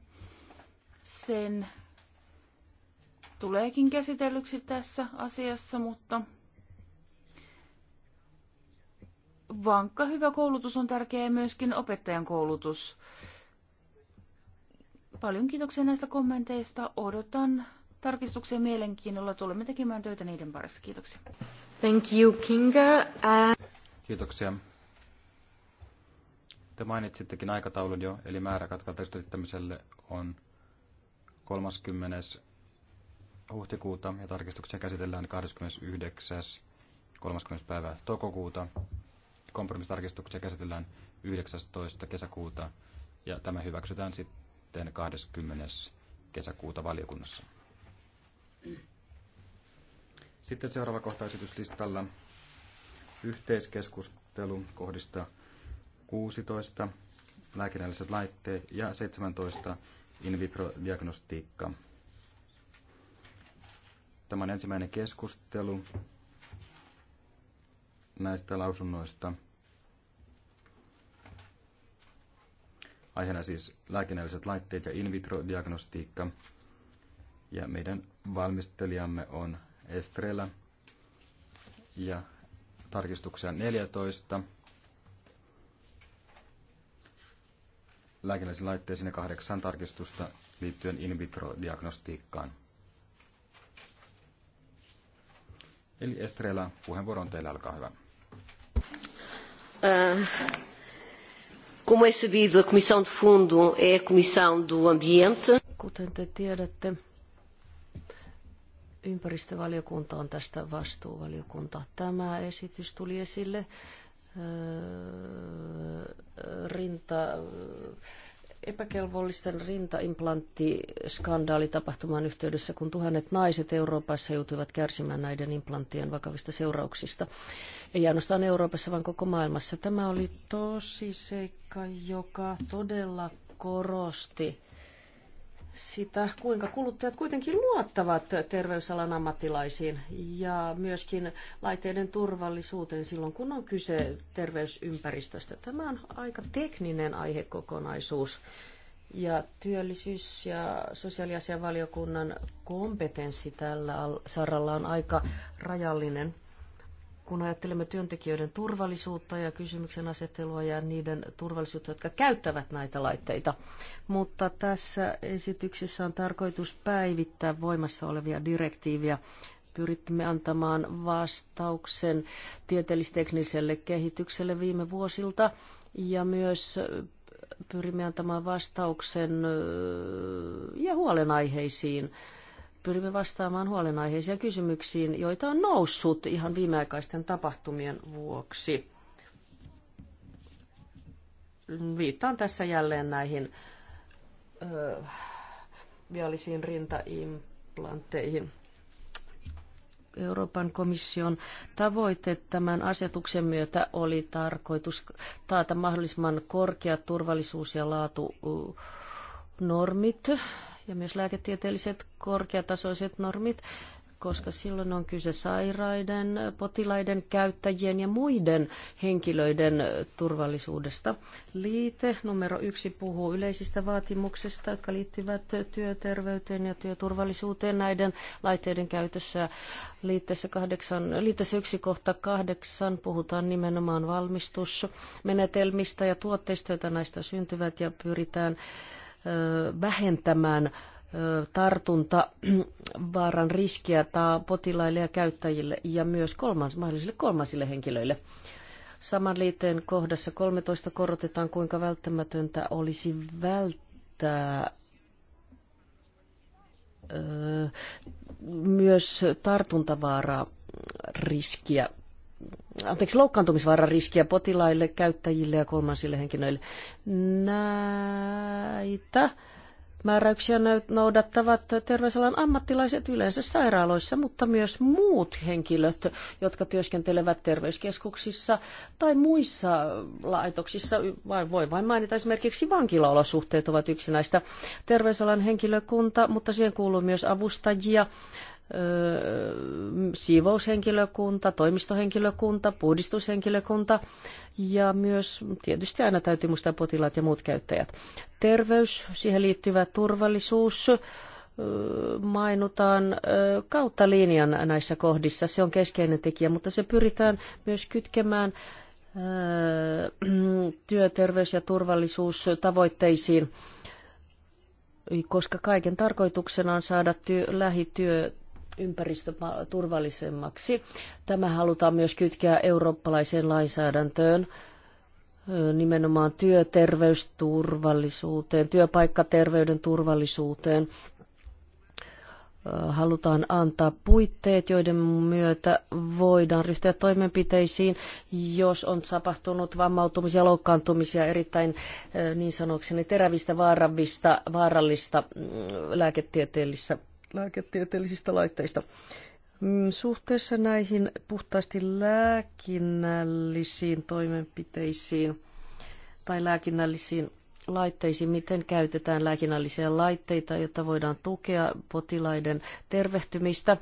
A: Sen tuleekin käsitellyksi tässä asiassa, mutta vankka hyvä koulutus on tärkeä myöskin opettajan koulutus. Paljon kiitoksia näistä kommenteista. Odotan tarkistuksia mielenkiinnolla. Tulemme tekemään töitä niiden parissa. Kiitoksia. Thank you, Kinga. Uh...
B: Kiitoksia. Te mainitsittekin aikataulun jo, eli määrä määräkatkatarkistamiselle on 30. huhtikuuta ja tarkistuksia käsitellään 29. 30. päivä toukokuuta. Kompromissitarkistuksia käsitellään 19. kesäkuuta ja tämä hyväksytään sitten 20. kesäkuuta valiokunnassa. Sitten seuraava kohta esityslistalla yhteiskeskustelu kohdista 16 lääkinnälliset laitteet ja 17 in vitro diagnostiikka. Tämä on ensimmäinen keskustelu näistä lausunnoista. Aiheena siis lääkinnälliset laitteet ja in vitro diagnostiikka. Ja meidän Valmistelijamme on Estrella ja tarkistuksia 14. Lääkinnällisiin laitteisiin kahdeksan tarkistusta liittyen in vitro-diagnostiikkaan. Eli Estrella, puheenvuoro on teillä, olkaa hyvä.
C: Uh, como é sabido, a Comissão de Fundo é a Comissão do Ambiente. Kuten te tiedätte, Ympäristövaliokunta on tästä vastuuvaliokunta. Tämä esitys tuli esille öö, rinta, epäkelvollisten rintaimplanttiskandaali tapahtumaan yhteydessä, kun tuhannet naiset Euroopassa joutuivat kärsimään näiden implanttien vakavista seurauksista. Ei ainoastaan Euroopassa, vaan koko maailmassa. Tämä oli tosi seikka, joka todella korosti sitä, kuinka kuluttajat kuitenkin luottavat terveysalan ammattilaisiin ja myöskin laitteiden turvallisuuteen silloin, kun on kyse terveysympäristöstä. Tämä on aika tekninen aihekokonaisuus ja työllisyys- ja sosiaaliasianvaliokunnan kompetenssi tällä saralla on aika rajallinen kun ajattelemme työntekijöiden turvallisuutta ja kysymyksen asettelua ja niiden turvallisuutta, jotka käyttävät näitä laitteita. Mutta tässä esityksessä on tarkoitus päivittää voimassa olevia direktiiviä. Pyrimme antamaan vastauksen tieteellistekniselle kehitykselle viime vuosilta ja myös pyrimme antamaan vastauksen ja huolenaiheisiin pyrimme vastaamaan huolenaiheisiin ja kysymyksiin, joita on noussut ihan viimeaikaisten tapahtumien vuoksi. Viittaan tässä jälleen näihin ö, viallisiin rintaimplanteihin. Euroopan komission tavoite tämän asetuksen myötä oli tarkoitus taata mahdollisimman korkeat turvallisuus- ja laatunormit ja myös lääketieteelliset korkeatasoiset normit, koska silloin on kyse sairaiden, potilaiden, käyttäjien ja muiden henkilöiden turvallisuudesta. Liite numero yksi puhuu yleisistä vaatimuksista, jotka liittyvät työterveyteen ja työturvallisuuteen näiden laitteiden käytössä. Liitteessä, kahdeksan, liitteessä yksi kohta kahdeksan puhutaan nimenomaan valmistusmenetelmistä ja tuotteista, joita näistä syntyvät ja pyritään vähentämään tartuntavaaran riskiä tai potilaille ja käyttäjille ja myös kolmas, mahdollisille kolmansille henkilöille. Saman liitteen kohdassa 13 korotetaan, kuinka välttämätöntä olisi välttää myös tartuntavaaraa riskiä anteeksi, loukkaantumisvaaran riskiä potilaille, käyttäjille ja kolmansille henkilöille. Näitä määräyksiä noudattavat terveysalan ammattilaiset yleensä sairaaloissa, mutta myös muut henkilöt, jotka työskentelevät terveyskeskuksissa tai muissa laitoksissa. Voi vain mainita esimerkiksi vankilaolosuhteet ovat yksi näistä terveysalan henkilökunta, mutta siihen kuuluu myös avustajia, siivoushenkilökunta, toimistohenkilökunta, puhdistushenkilökunta ja myös tietysti aina täytyy muistaa potilaat ja muut käyttäjät. Terveys, siihen liittyvä turvallisuus mainutaan kautta linjan näissä kohdissa. Se on keskeinen tekijä, mutta se pyritään myös kytkemään <clears throat> työterveys- ja turvallisuustavoitteisiin koska kaiken tarkoituksena on saada työ, lähityö, ympäristö turvallisemmaksi. Tämä halutaan myös kytkeä eurooppalaiseen lainsäädäntöön nimenomaan työterveysturvallisuuteen, työpaikkaterveyden turvallisuuteen. Halutaan antaa puitteet, joiden myötä voidaan ryhtyä toimenpiteisiin, jos on tapahtunut vammautumisia, loukkaantumisia erittäin niin sanokseni terävistä, vaarallista, vaarallista mm, lääketieteellisistä laitteista. Mm, suhteessa näihin puhtaasti lääkinnällisiin toimenpiteisiin tai lääkinnällisiin laitteisiin, miten käytetään lääkinnällisiä laitteita, jotta voidaan tukea potilaiden tervehtymistä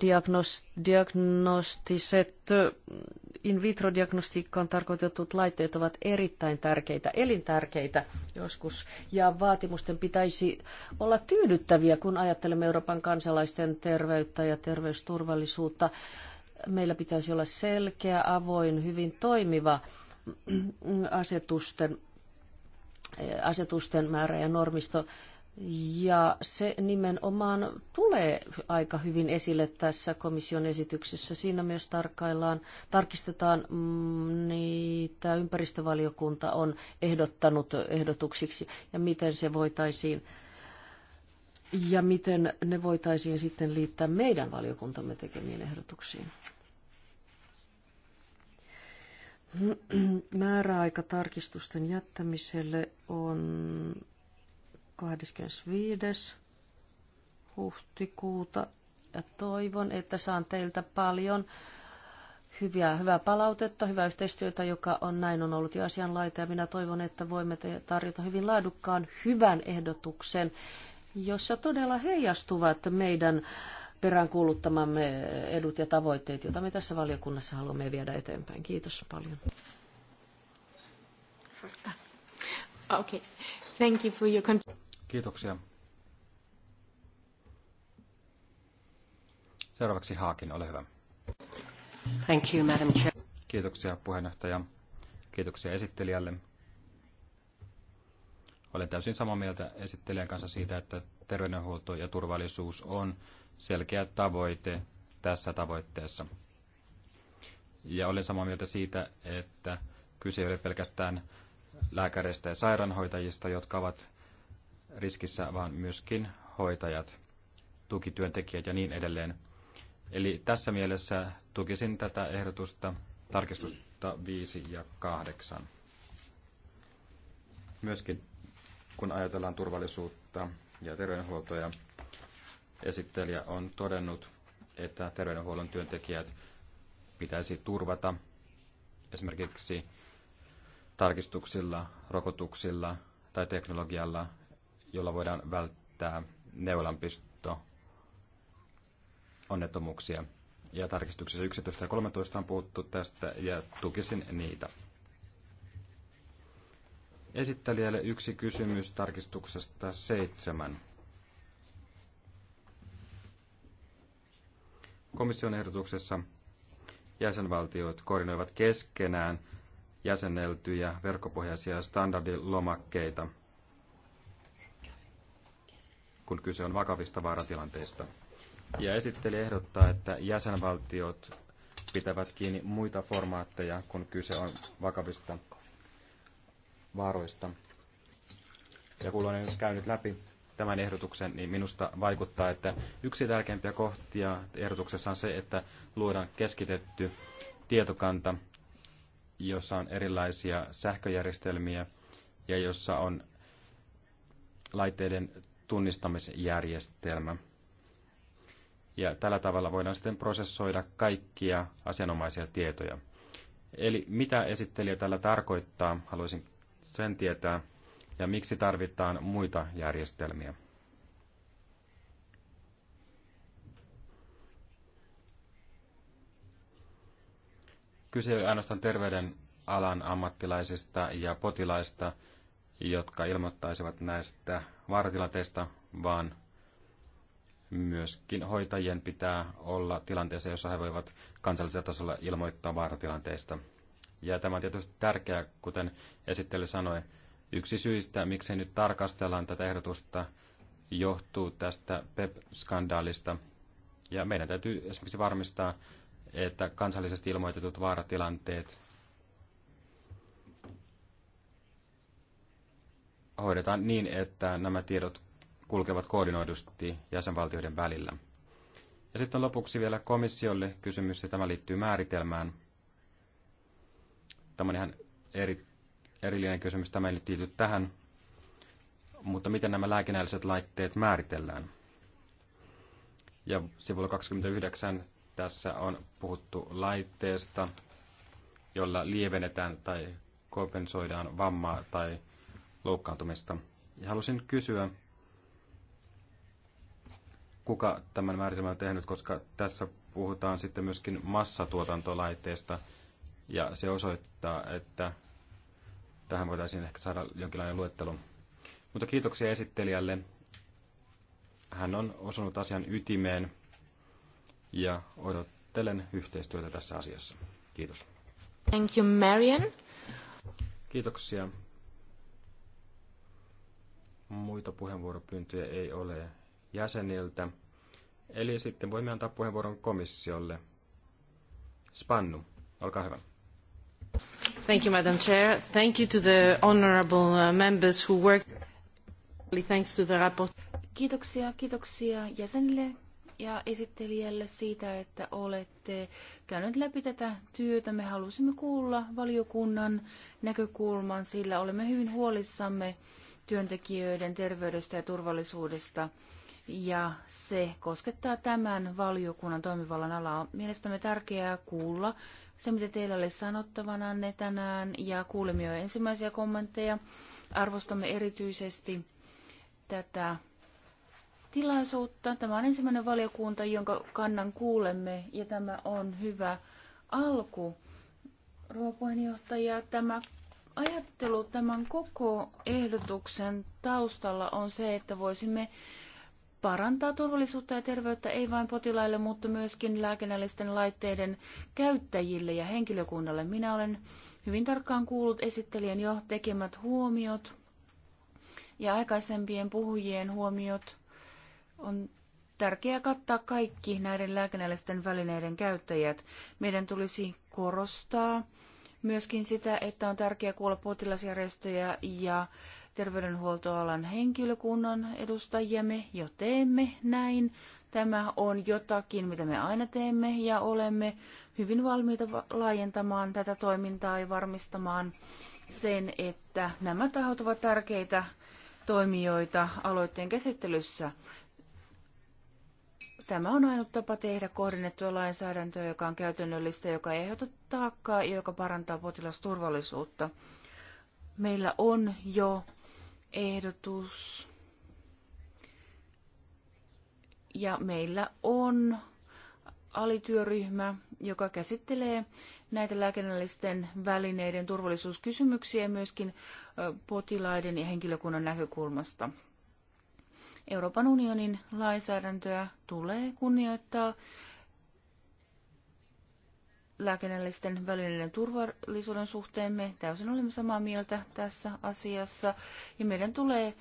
C: diagnos, diagnostiset eh, in vitro-diagnostiikkaan tarkoitetut laitteet ovat erittäin tärkeitä, elintärkeitä joskus, ja vaatimusten pitäisi olla tyydyttäviä, kun ajattelemme Euroopan kansalaisten terveyttä ja terveysturvallisuutta. Meillä pitäisi olla selkeä, avoin, hyvin toimiva mm, asetusten, eh, asetusten määrä ja normisto ja se nimenomaan tulee aika hyvin esille tässä komission esityksessä. Siinä myös tarkkaillaan, tarkistetaan mm, niitä ympäristövaliokunta on ehdottanut ehdotuksiksi ja miten se voitaisiin ja miten ne voitaisiin sitten liittää meidän valiokuntamme tekemiin ehdotuksiin. <clears throat> Määräaika tarkistusten jättämiselle on 25. huhtikuuta ja toivon, että saan teiltä paljon hyviä, hyvää palautetta, hyvää yhteistyötä, joka on näin on ollut jo asianlaita ja minä toivon, että voimme tarjota hyvin laadukkaan hyvän ehdotuksen, jossa todella heijastuvat meidän peräänkuuluttamamme edut ja tavoitteet, joita me tässä valiokunnassa haluamme viedä eteenpäin. Kiitos paljon. Ah, okay. Thank you for your
B: Kiitoksia. Seuraavaksi Haakin, ole hyvä. Thank you, Madam Chair. Kiitoksia puheenjohtaja. Kiitoksia esittelijälle. Olen täysin samaa mieltä esittelijän kanssa siitä, että terveydenhuolto ja turvallisuus on selkeä tavoite tässä tavoitteessa. Ja olen samaa mieltä siitä, että kyse ei ole pelkästään lääkäreistä ja sairaanhoitajista, jotka ovat riskissä, vaan myöskin hoitajat, tukityöntekijät ja niin edelleen. Eli tässä mielessä tukisin tätä ehdotusta tarkistusta 5 ja 8. Myöskin kun ajatellaan turvallisuutta ja terveydenhuoltoa, esittelijä on todennut, että terveydenhuollon työntekijät pitäisi turvata esimerkiksi tarkistuksilla, rokotuksilla tai teknologialla, jolla voidaan välttää neulanpisto onnettomuuksia. Ja tarkistuksissa 11 ja 13 on puhuttu tästä ja tukisin niitä. Esittelijälle yksi kysymys tarkistuksesta seitsemän. Komission ehdotuksessa jäsenvaltiot koordinoivat keskenään jäsenneltyjä verkkopohjaisia standardilomakkeita, kun kyse on vakavista vaaratilanteista. Ja esitteli ehdottaa, että jäsenvaltiot pitävät kiinni muita formaatteja, kun kyse on vakavista vaaroista. Ja kun olen käynyt läpi tämän ehdotuksen, niin minusta vaikuttaa, että yksi tärkeimpiä kohtia ehdotuksessa on se, että luodaan keskitetty tietokanta jossa on erilaisia sähköjärjestelmiä ja jossa on laitteiden tunnistamisjärjestelmä. Ja tällä tavalla voidaan sitten prosessoida kaikkia asianomaisia tietoja. Eli mitä esittelijä tällä tarkoittaa, haluaisin sen tietää, ja miksi tarvitaan muita järjestelmiä. Kyse ei ainoastaan terveydenalan ammattilaisista ja potilaista, jotka ilmoittaisivat näistä vaaratilanteista, vaan myöskin hoitajien pitää olla tilanteessa, jossa he voivat kansallisella tasolla ilmoittaa vaaratilanteista. Ja tämä on tietysti tärkeää, kuten esittely sanoi, yksi syistä, miksi nyt tarkastellaan tätä ehdotusta, johtuu tästä PEP-skandaalista. Ja meidän täytyy esimerkiksi varmistaa, että kansallisesti ilmoitetut vaaratilanteet hoidetaan niin, että nämä tiedot kulkevat koordinoidusti jäsenvaltioiden välillä. Ja sitten lopuksi vielä komissiolle kysymys, ja tämä liittyy määritelmään. Tämä on ihan eri, erillinen kysymys, tämä ei liity tähän. Mutta miten nämä lääkinnälliset laitteet määritellään? Ja sivulla 29 tässä on puhuttu laitteesta, jolla lievennetään tai kompensoidaan vammaa tai loukkaantumista. Ja halusin kysyä, kuka tämän määritelmän on tehnyt, koska tässä puhutaan sitten myöskin massatuotantolaitteesta, ja se osoittaa, että tähän voitaisiin ehkä saada jonkinlainen luettelo. Mutta kiitoksia esittelijälle. Hän on osunut asian ytimeen ja odottelen yhteistyötä tässä asiassa. Kiitos.
A: Thank you, Marian.
B: Kiitoksia. Muita puheenvuoropyyntöjä ei ole jäseniltä. Eli sitten voimme antaa puheenvuoron komissiolle. Spannu, olkaa hyvä.
A: Thank you, Madam Chair. Thank you to the honorable uh, members
C: who worked. Thanks to the rapport.
A: Kiitoksia, kiitoksia jäsenille ja esittelijälle siitä, että olette käyneet läpi tätä työtä. Me halusimme kuulla valiokunnan näkökulman, sillä olemme hyvin huolissamme työntekijöiden terveydestä ja turvallisuudesta. Ja se koskettaa tämän valiokunnan toimivallan alaa. Mielestämme tärkeää kuulla se, mitä teillä oli ne tänään, ja kuulemme jo ensimmäisiä kommentteja. Arvostamme erityisesti tätä tilaisuutta. Tämä on ensimmäinen valiokunta, jonka kannan kuulemme, ja tämä on hyvä alku. Rouva puheenjohtaja, tämä ajattelu tämän koko ehdotuksen taustalla on se, että voisimme parantaa turvallisuutta ja terveyttä ei vain potilaille, mutta myöskin lääkinnällisten laitteiden käyttäjille ja henkilökunnalle. Minä olen hyvin tarkkaan kuullut esittelijän jo tekemät huomiot ja aikaisempien puhujien huomiot. On tärkeää kattaa kaikki näiden lääkinnällisten välineiden käyttäjät. Meidän tulisi korostaa myöskin sitä, että on tärkeää kuulla potilasjärjestöjä ja terveydenhuoltoalan henkilökunnan edustajia. Me jo teemme näin. Tämä on jotakin, mitä me aina teemme ja olemme hyvin valmiita laajentamaan tätä toimintaa ja varmistamaan sen, että nämä tahot ovat tärkeitä toimijoita aloitteen käsittelyssä. Tämä on ainut tapa tehdä kohdennettua lainsäädäntöä, joka on käytännöllistä, joka ei aiheuta taakkaa ja joka parantaa potilasturvallisuutta. Meillä on jo ehdotus ja meillä on alityöryhmä, joka käsittelee näitä lääkinnällisten välineiden turvallisuuskysymyksiä myöskin potilaiden ja henkilökunnan näkökulmasta. Euroopan unionin lainsäädäntöä tulee kunnioittaa lääkinnällisten välineiden turvallisuuden suhteen. Me täysin olemme samaa mieltä tässä asiassa ja meidän tulee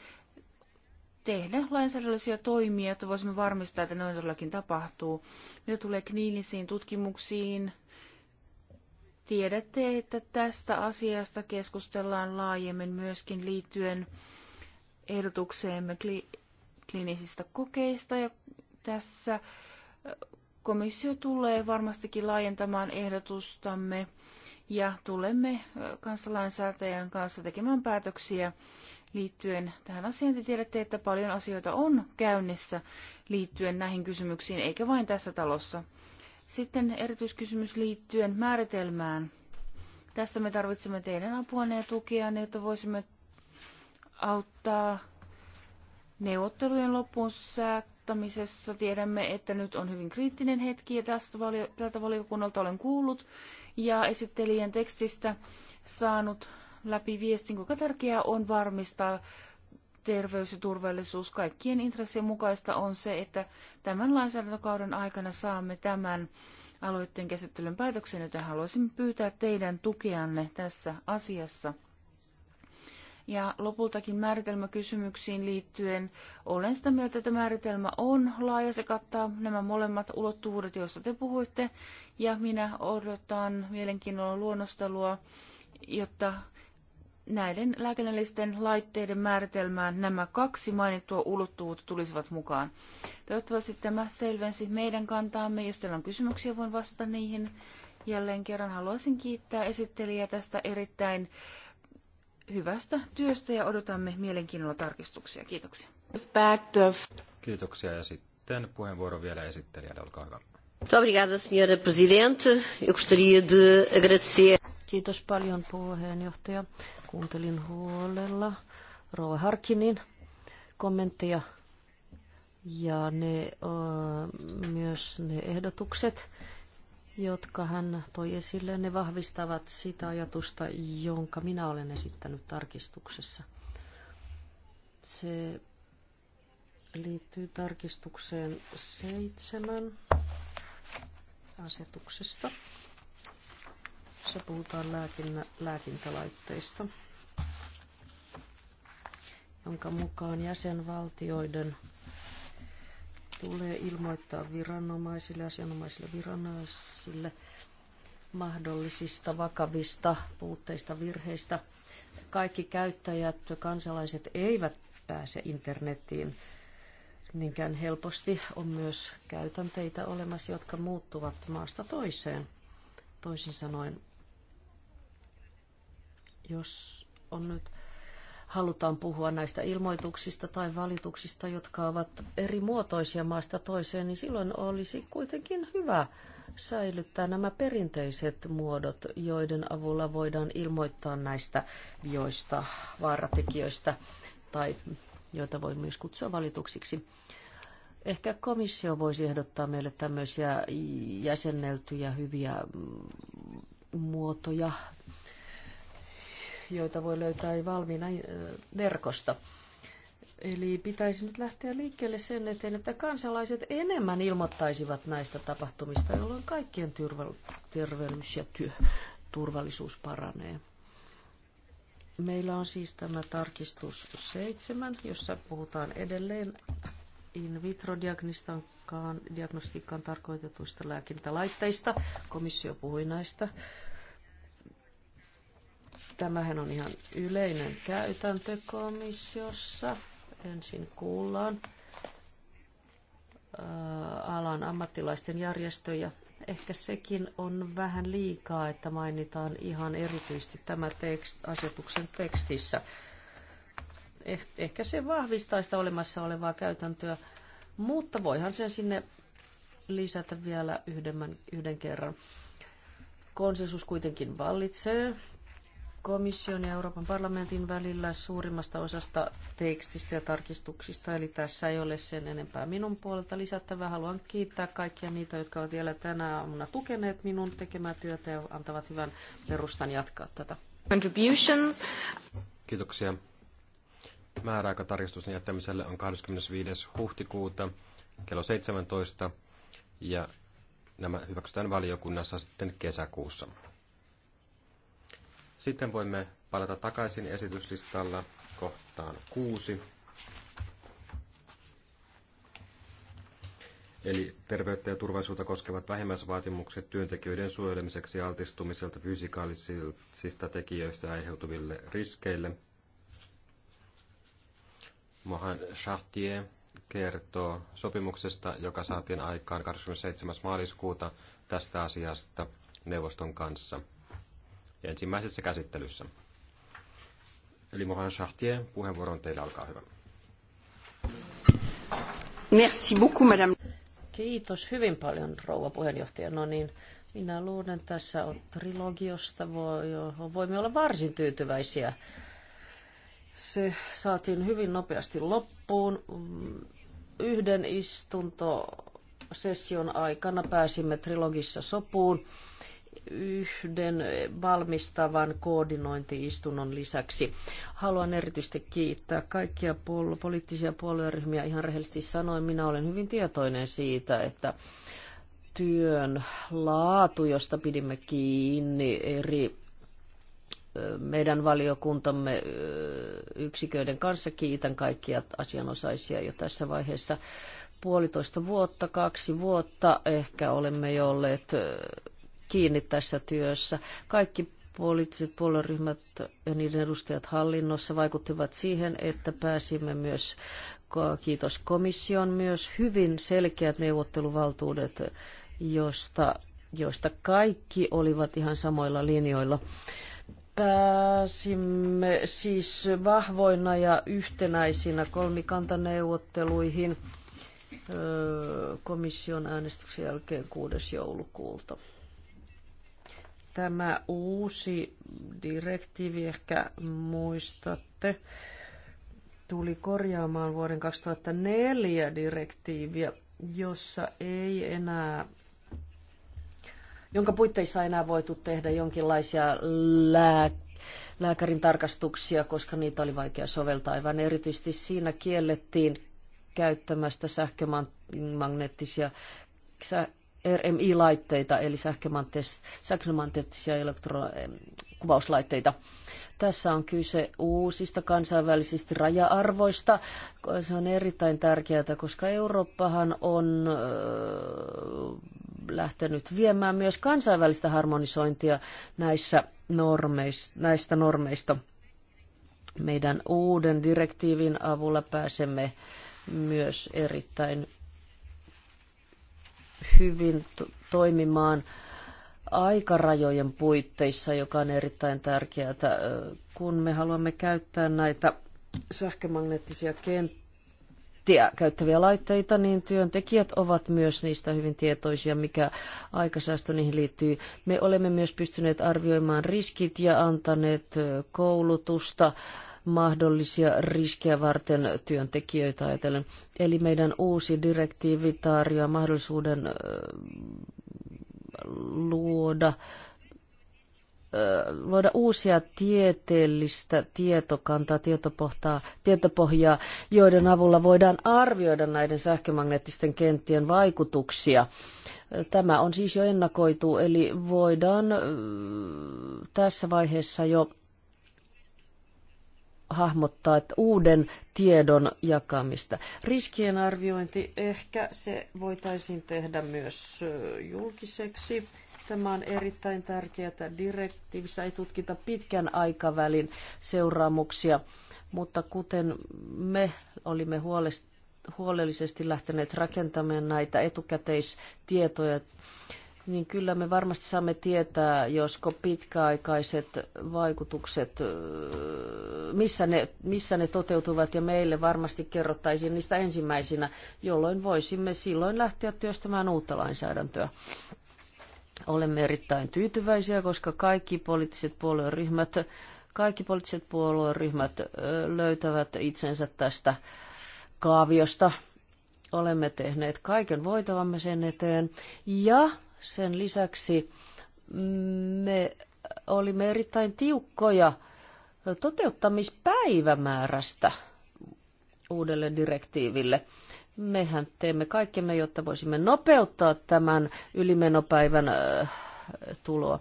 A: tehdä lainsäädännöllisiä toimia, että voisimme varmistaa, että noin todellakin tapahtuu. Mitä tulee kliinisiin tutkimuksiin, tiedätte, että tästä asiasta keskustellaan laajemmin myöskin liittyen ehdotukseemme kliinisistä kokeista ja tässä komissio tulee varmastikin laajentamaan ehdotustamme ja tulemme kansalainsäätäjän kanssa tekemään päätöksiä liittyen tähän asiaan. Te tiedätte, että paljon asioita on käynnissä liittyen näihin kysymyksiin, eikä vain tässä talossa. Sitten erityiskysymys liittyen määritelmään. Tässä me tarvitsemme teidän apuanne ja tukianne, niin jotta voisimme auttaa neuvottelujen loppuun saattamisessa. Tiedämme, että nyt on hyvin kriittinen hetki ja tästä valio- tältä valiokunnalta olen kuullut ja esittelijän tekstistä saanut läpi viestin, kuinka tärkeää on varmistaa terveys ja turvallisuus. Kaikkien intressien mukaista on se, että tämän lainsäädäntökauden aikana saamme tämän aloitteen käsittelyn päätöksen, joten haluaisin pyytää teidän tukeanne tässä asiassa. Ja lopultakin määritelmäkysymyksiin liittyen olen sitä mieltä, että määritelmä on laaja, se kattaa nämä molemmat ulottuvuudet, joista te puhuitte. Ja minä odotan mielenkiinnolla luonnostelua, jotta näiden lääkinnällisten laitteiden määritelmään nämä kaksi mainittua ulottuvuutta tulisivat mukaan. Toivottavasti tämä selvensi meidän kantaamme. Jos teillä on kysymyksiä, voin vastata niihin. Jälleen kerran haluaisin kiittää esittelijää tästä erittäin hyvästä työstä ja odotamme mielenkiinnolla tarkistuksia. Kiitoksia.
B: Kiitoksia ja sitten puheenvuoro vielä esittelijälle, olkaa hyvä.
C: Kiitos paljon puheenjohtaja. Kuuntelin huolella Rova Harkinin kommentteja ja ne, uh, myös ne ehdotukset jotka hän toi esille, ne vahvistavat sitä ajatusta, jonka minä olen esittänyt tarkistuksessa. Se liittyy tarkistukseen seitsemän asetuksesta. Se puhutaan lääkinnä, lääkintälaitteista, jonka mukaan jäsenvaltioiden tulee ilmoittaa viranomaisille, asianomaisille viranomaisille mahdollisista vakavista puutteista, virheistä. Kaikki käyttäjät, kansalaiset eivät pääse internettiin niinkään helposti. On myös käytänteitä olemassa, jotka muuttuvat maasta toiseen. Toisin sanoen, jos on nyt halutaan puhua näistä ilmoituksista tai valituksista, jotka ovat eri muotoisia maasta toiseen, niin silloin olisi kuitenkin hyvä säilyttää nämä perinteiset muodot, joiden avulla voidaan ilmoittaa näistä vioista, vaaratekijöistä tai joita voi myös kutsua valituksiksi. Ehkä komissio voisi ehdottaa meille tämmöisiä jäsenneltyjä hyviä mm, muotoja joita voi löytää valmiina äh, verkosta. Eli pitäisi nyt lähteä liikkeelle sen eteen, että kansalaiset enemmän ilmoittaisivat näistä tapahtumista, jolloin kaikkien terveys ja työ, turvallisuus paranee. Meillä on siis tämä tarkistus seitsemän, jossa puhutaan edelleen in vitro-diagnostiikkaan tarkoitetuista lääkintälaitteista. Komissio puhui näistä Tämähän on ihan yleinen käytäntö komissiossa. Ensin kuullaan alan ammattilaisten järjestöjä. Ehkä sekin on vähän liikaa, että mainitaan ihan erityisesti tämä tekst, asetuksen tekstissä. Eh, ehkä se vahvistaa sitä olemassa olevaa käytäntöä, mutta voihan sen sinne lisätä vielä yhden, yhden kerran. Konsensus kuitenkin vallitsee komission ja Euroopan parlamentin välillä suurimmasta osasta tekstistä ja tarkistuksista, eli tässä ei ole sen enempää minun puolelta lisättävää. Haluan kiittää kaikkia niitä, jotka ovat vielä tänä aamuna tukeneet minun tekemää työtä ja antavat hyvän perustan jatkaa tätä. Contributions.
B: Kiitoksia. Määräaika tarkistuksen jättämiselle on 25. huhtikuuta kello 17 ja nämä hyväksytään valiokunnassa sitten kesäkuussa. Sitten voimme palata takaisin esityslistalla kohtaan kuusi. Eli terveyttä ja turvallisuutta koskevat vähimmäisvaatimukset työntekijöiden suojelemiseksi altistumiselta fysikaalisista tekijöistä aiheutuville riskeille. Mohan Chartier kertoo sopimuksesta, joka saatiin aikaan 27. maaliskuuta tästä asiasta neuvoston kanssa – ensimmäisessä käsittelyssä. Eli Mohan Chartier, puheenvuoron teille alkaa hyvä.
C: Merci beaucoup, madame. Kiitos hyvin paljon, rouva puheenjohtaja. No niin, minä luulen tässä on trilogiosta, voi, voimme olla varsin tyytyväisiä. Se saatiin hyvin nopeasti loppuun. Yhden istuntosession aikana pääsimme trilogissa sopuun yhden valmistavan koordinointiistunnon lisäksi. Haluan erityisesti kiittää kaikkia puol- poliittisia puolueryhmiä. Ihan rehellisesti sanoen, minä olen hyvin tietoinen siitä, että työn laatu, josta pidimme kiinni eri meidän valiokuntamme yksiköiden kanssa. Kiitän kaikkia asianosaisia jo tässä vaiheessa. Puolitoista vuotta, kaksi vuotta ehkä olemme jo olleet kiinni tässä työssä. Kaikki poliittiset puolueryhmät ja niiden edustajat hallinnossa vaikuttivat siihen, että pääsimme myös, kiitos komission, myös hyvin selkeät neuvotteluvaltuudet, josta, joista kaikki olivat ihan samoilla linjoilla. Pääsimme siis vahvoina ja yhtenäisinä kolmikantaneuvotteluihin komission äänestyksen jälkeen 6. joulukuulta. Tämä uusi direktiivi ehkä muistatte tuli korjaamaan vuoden 2004 direktiiviä, jossa ei enää jonka puitteissa ei enää voitu tehdä jonkinlaisia lääkkeitä lääkärin tarkastuksia, koska niitä oli vaikea soveltaa. Aivan erityisesti siinä kiellettiin käyttämästä sähkömagneettisia RMI-laitteita, eli sähkömagneettisia elektrokuvauslaitteita. Tässä on kyse uusista kansainvälisistä raja-arvoista. Se on erittäin tärkeää, koska Eurooppahan on lähtenyt viemään myös kansainvälistä harmonisointia näissä normeista, näistä normeista. Meidän uuden direktiivin avulla pääsemme myös erittäin hyvin toimimaan aikarajojen puitteissa, joka on erittäin tärkeää, kun me haluamme käyttää näitä sähkömagneettisia kenttiä käyttäviä laitteita, niin työntekijät ovat myös niistä hyvin tietoisia, mikä aikasäästö niihin liittyy. Me olemme myös pystyneet arvioimaan riskit ja antaneet koulutusta mahdollisia riskejä varten työntekijöitä ajatellen. Eli meidän uusi direktiivi tarjoaa mahdollisuuden luoda luoda uusia tieteellistä tietokantaa, tietopohjaa, tietopohjaa, joiden avulla voidaan arvioida näiden sähkömagneettisten kenttien vaikutuksia. Tämä on siis jo ennakoitu, eli voidaan tässä vaiheessa jo hahmottaa että uuden tiedon jakamista. Riskien arviointi ehkä se voitaisiin tehdä myös julkiseksi. Tämä on erittäin tärkeää. Direktiivissä ei tutkita pitkän aikavälin seuraamuksia, mutta kuten me olimme huolest, huolellisesti lähteneet rakentamaan näitä etukäteistietoja, niin kyllä me varmasti saamme tietää, josko pitkäaikaiset vaikutukset, missä ne, missä ne toteutuvat, ja meille varmasti kerrottaisiin niistä ensimmäisinä, jolloin voisimme silloin lähteä työstämään uutta lainsäädäntöä. Olemme erittäin tyytyväisiä, koska kaikki poliittiset puolueryhmät, kaikki poliittiset puolueryhmät löytävät itsensä tästä kaaviosta, olemme tehneet kaiken voitavamme sen eteen. Ja sen lisäksi me olimme erittäin tiukkoja toteuttamispäivämäärästä uudelle direktiiville. Mehän teemme kaikkemme, jotta voisimme nopeuttaa tämän ylimenopäivän äh, tuloa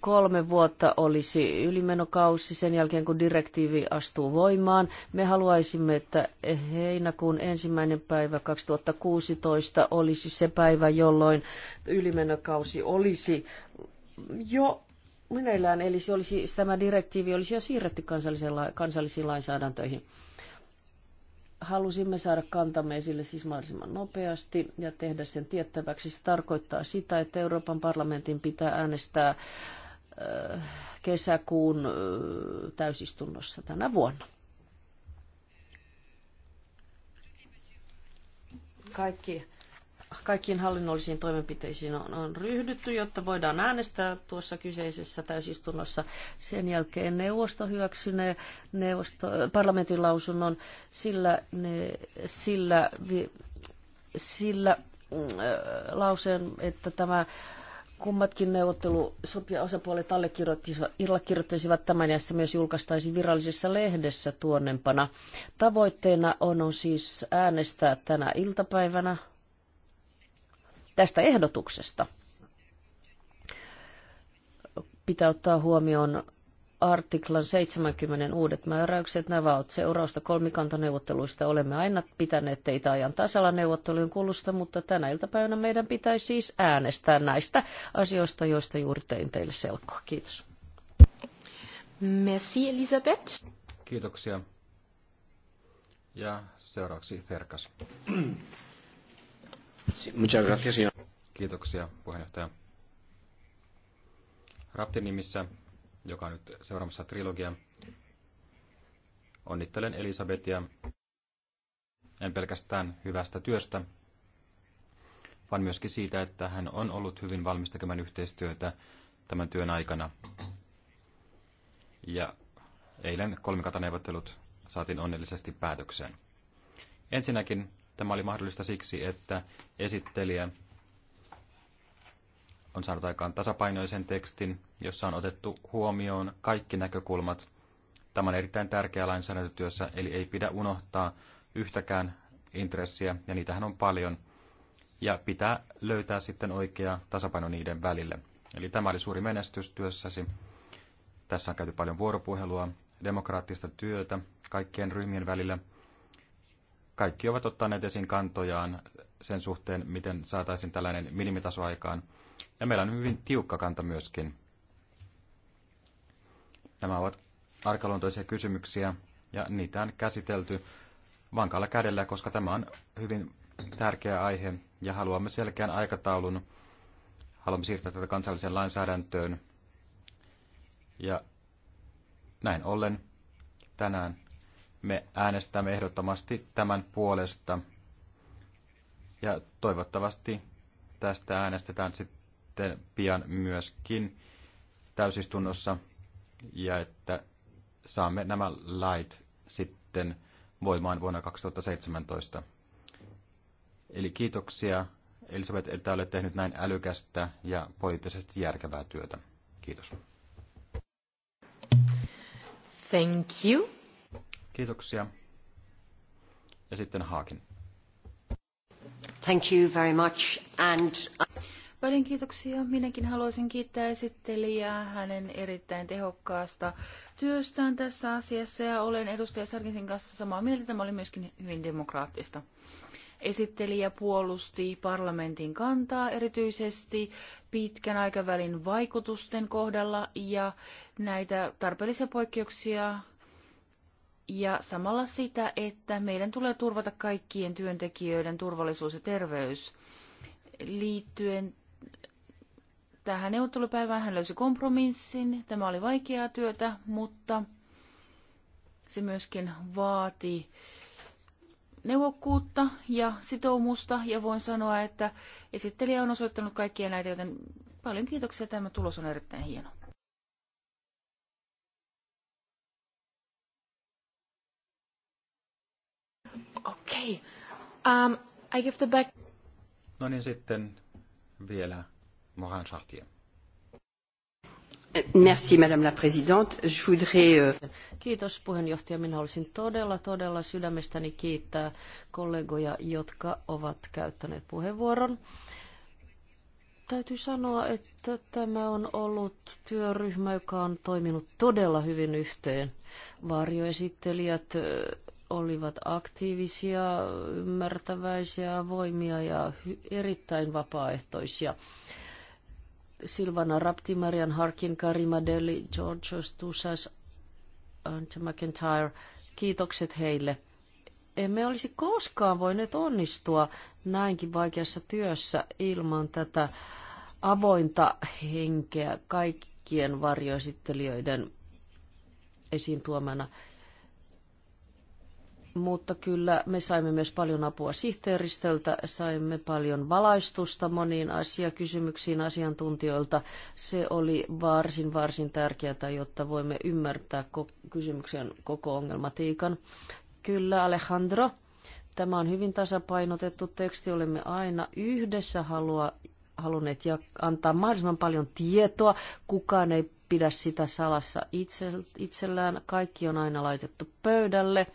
C: kolme vuotta olisi ylimenokausi sen jälkeen, kun direktiivi astuu voimaan. Me haluaisimme, että heinäkuun ensimmäinen päivä 2016 olisi se päivä, jolloin ylimenokausi olisi jo meneillään, eli se olisi, tämä direktiivi olisi jo siirretty kansallisiin lainsäädäntöihin halusimme saada kantamme esille siis mahdollisimman nopeasti ja tehdä sen tiettäväksi. Se tarkoittaa sitä, että Euroopan parlamentin pitää äänestää äh, kesäkuun äh, täysistunnossa tänä vuonna. Kaikki kaikkiin hallinnollisiin toimenpiteisiin on, on ryhdytty, jotta voidaan äänestää tuossa kyseisessä täysistunnossa. Sen jälkeen neuvosto hyväksynee neuvosto, parlamentin lausunnon, sillä, ne, sillä, sillä mm, lauseen, että tämä kummatkin sopia osapuolet allekirjoittaisivat tämän ja se myös julkaistaisiin virallisessa lehdessä tuonnempana. Tavoitteena on, on siis äänestää tänä iltapäivänä tästä ehdotuksesta. Pitää ottaa huomioon artiklan 70 uudet määräykset. Nämä ovat seurausta kolmikantaneuvotteluista. Olemme aina pitäneet teitä ajan tasalla neuvottelujen kulusta, mutta tänä iltapäivänä meidän pitäisi siis äänestää näistä asioista, joista juuri tein teille selkoa. Kiitos. Merci Elisabeth.
B: Kiitoksia. Ja seuraavaksi Ferkas.
C: Muchas gracias,
B: Kiitoksia, puheenjohtaja. Raptin nimissä, joka on nyt seuraamassa trilogia, onnittelen Elisabetia en pelkästään hyvästä työstä, vaan myöskin siitä, että hän on ollut hyvin valmis tekemään yhteistyötä tämän työn aikana. Ja eilen kolmikataneuvottelut saatiin onnellisesti päätökseen. Ensinnäkin tämä oli mahdollista siksi, että esittelijä on saanut aikaan tasapainoisen tekstin, jossa on otettu huomioon kaikki näkökulmat. Tämä on erittäin tärkeä lainsäädäntötyössä, eli ei pidä unohtaa yhtäkään intressiä, ja niitähän on paljon. Ja pitää löytää sitten oikea tasapaino niiden välille. Eli tämä oli suuri menestys työssäsi. Tässä on käyty paljon vuoropuhelua, demokraattista työtä kaikkien ryhmien välillä. Kaikki ovat ottaneet esiin kantojaan sen suhteen, miten saataisiin tällainen minimitaso aikaan – ja meillä on hyvin tiukka kanta myöskin. Nämä ovat arkaluontoisia kysymyksiä ja niitä on käsitelty vankalla kädellä, koska tämä on hyvin tärkeä aihe ja haluamme selkeän aikataulun. Haluamme siirtää tätä kansalliseen lainsäädäntöön. Ja näin ollen tänään me äänestämme ehdottomasti tämän puolesta. Ja toivottavasti tästä äänestetään sitten sitten pian myöskin täysistunnossa ja että saamme nämä lait sitten voimaan vuonna 2017. Eli kiitoksia Elisabeth, että olet tehnyt näin älykästä ja poliittisesti järkevää työtä. Kiitos.
A: Thank you.
B: Kiitoksia. Ja sitten Haakin. Thank you very much and
A: Paljon kiitoksia. Minäkin haluaisin kiittää esittelijää hänen erittäin tehokkaasta työstään tässä asiassa ja olen edustaja Sarkisin kanssa samaa mieltä. Tämä oli myöskin hyvin demokraattista. Esittelijä puolusti parlamentin kantaa erityisesti pitkän aikavälin vaikutusten kohdalla ja näitä tarpeellisia poikkeuksia ja samalla sitä, että meidän tulee turvata kaikkien työntekijöiden turvallisuus ja terveys liittyen tähän neuvottelupäivään. Hän löysi kompromissin. Tämä oli vaikeaa työtä, mutta se myöskin vaati neuvokkuutta ja sitoumusta. Ja voin sanoa, että esittelijä on osoittanut kaikkia näitä, joten paljon kiitoksia. Tämä tulos on erittäin hieno. Okei. Okay. Um, I give the back...
B: No niin, sitten vielä Morin Chartier.
C: Merci, Madame la Présidente. Je voudrais... Euh, Kiitos puheenjohtaja. Minä haluaisin todella, todella sydämestäni kiittää kollegoja, jotka ovat käyttäneet puheenvuoron. Täytyy sanoa, että tämä on ollut työryhmä, joka on toiminut todella hyvin yhteen. Varjoesittelijät äh, olivat aktiivisia, ymmärtäväisiä, voimia ja erittäin vapaaehtoisia. Silvana Rapti, Marian Harkin, Madeli, George Tussas, Ante McIntyre. Kiitokset heille. Emme olisi koskaan voineet onnistua näinkin vaikeassa työssä ilman tätä avointa henkeä kaikkien varjoesittelijöiden esiin tuomana mutta kyllä me saimme myös paljon apua sihteeristöltä, saimme paljon valaistusta moniin asiakysymyksiin asiantuntijoilta. Se oli varsin, varsin tärkeää, jotta voimme ymmärtää kysymyksen koko ongelmatiikan. Kyllä, Alejandro, tämä on hyvin tasapainotettu teksti. Olemme aina yhdessä halua, halunneet ja antaa mahdollisimman paljon tietoa. Kukaan ei pidä sitä salassa itsellään. Kaikki on aina laitettu pöydälle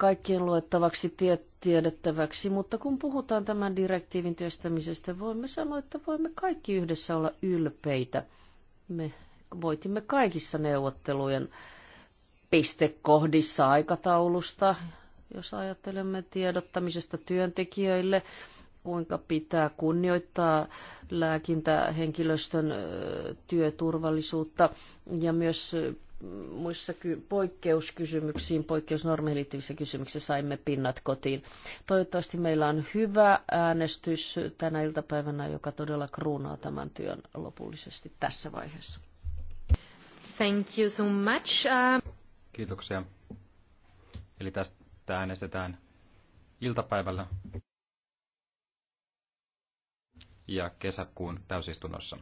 C: kaikkien luettavaksi tiet, tiedettäväksi, mutta kun puhutaan tämän direktiivin työstämisestä, voimme sanoa, että voimme kaikki yhdessä olla ylpeitä. Me voitimme kaikissa neuvottelujen pistekohdissa aikataulusta, jos ajattelemme tiedottamisesta työntekijöille, kuinka pitää kunnioittaa lääkintähenkilöstön työturvallisuutta ja myös muissa poikkeuskysymyksiin, poikkeusnormeihin liittyvissä kysymyksissä saimme pinnat kotiin. Toivottavasti meillä on hyvä äänestys tänä iltapäivänä, joka todella kruunaa tämän työn lopullisesti tässä vaiheessa. Thank you so much. Uh...
B: Kiitoksia. Eli tästä äänestetään iltapäivällä ja kesäkuun täysistunnossa.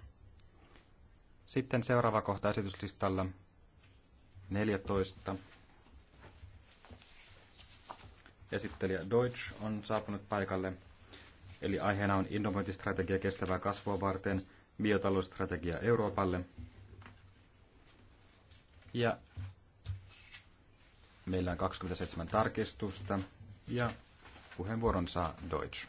B: Sitten seuraava kohta esityslistalla 14. Esittelijä Deutsch on saapunut paikalle. Eli aiheena on innovointistrategia kestävää kasvua varten, biotalousstrategia Euroopalle. Ja meillä on 27 tarkistusta ja puheenvuoron saa Deutsch.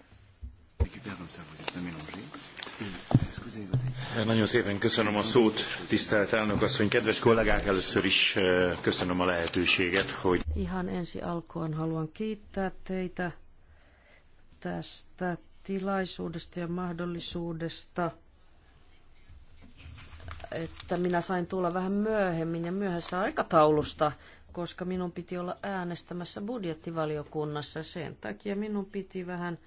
B: Nagyon szépen köszönöm a szót, tisztelt elnök asszony, kedves kollégák, először is köszönöm a lehetőséget, hogy...
C: Ihan ensi alkuun haluan kiittää teitä tästä tilaisuudesta ja mahdollisuudesta, että minä sain tulla vähän myöhemmin ja myöhässä aikataulusta, koska minun piti olla äänestämässä budjettivaliokunnassa. Sen takia minun piti vähän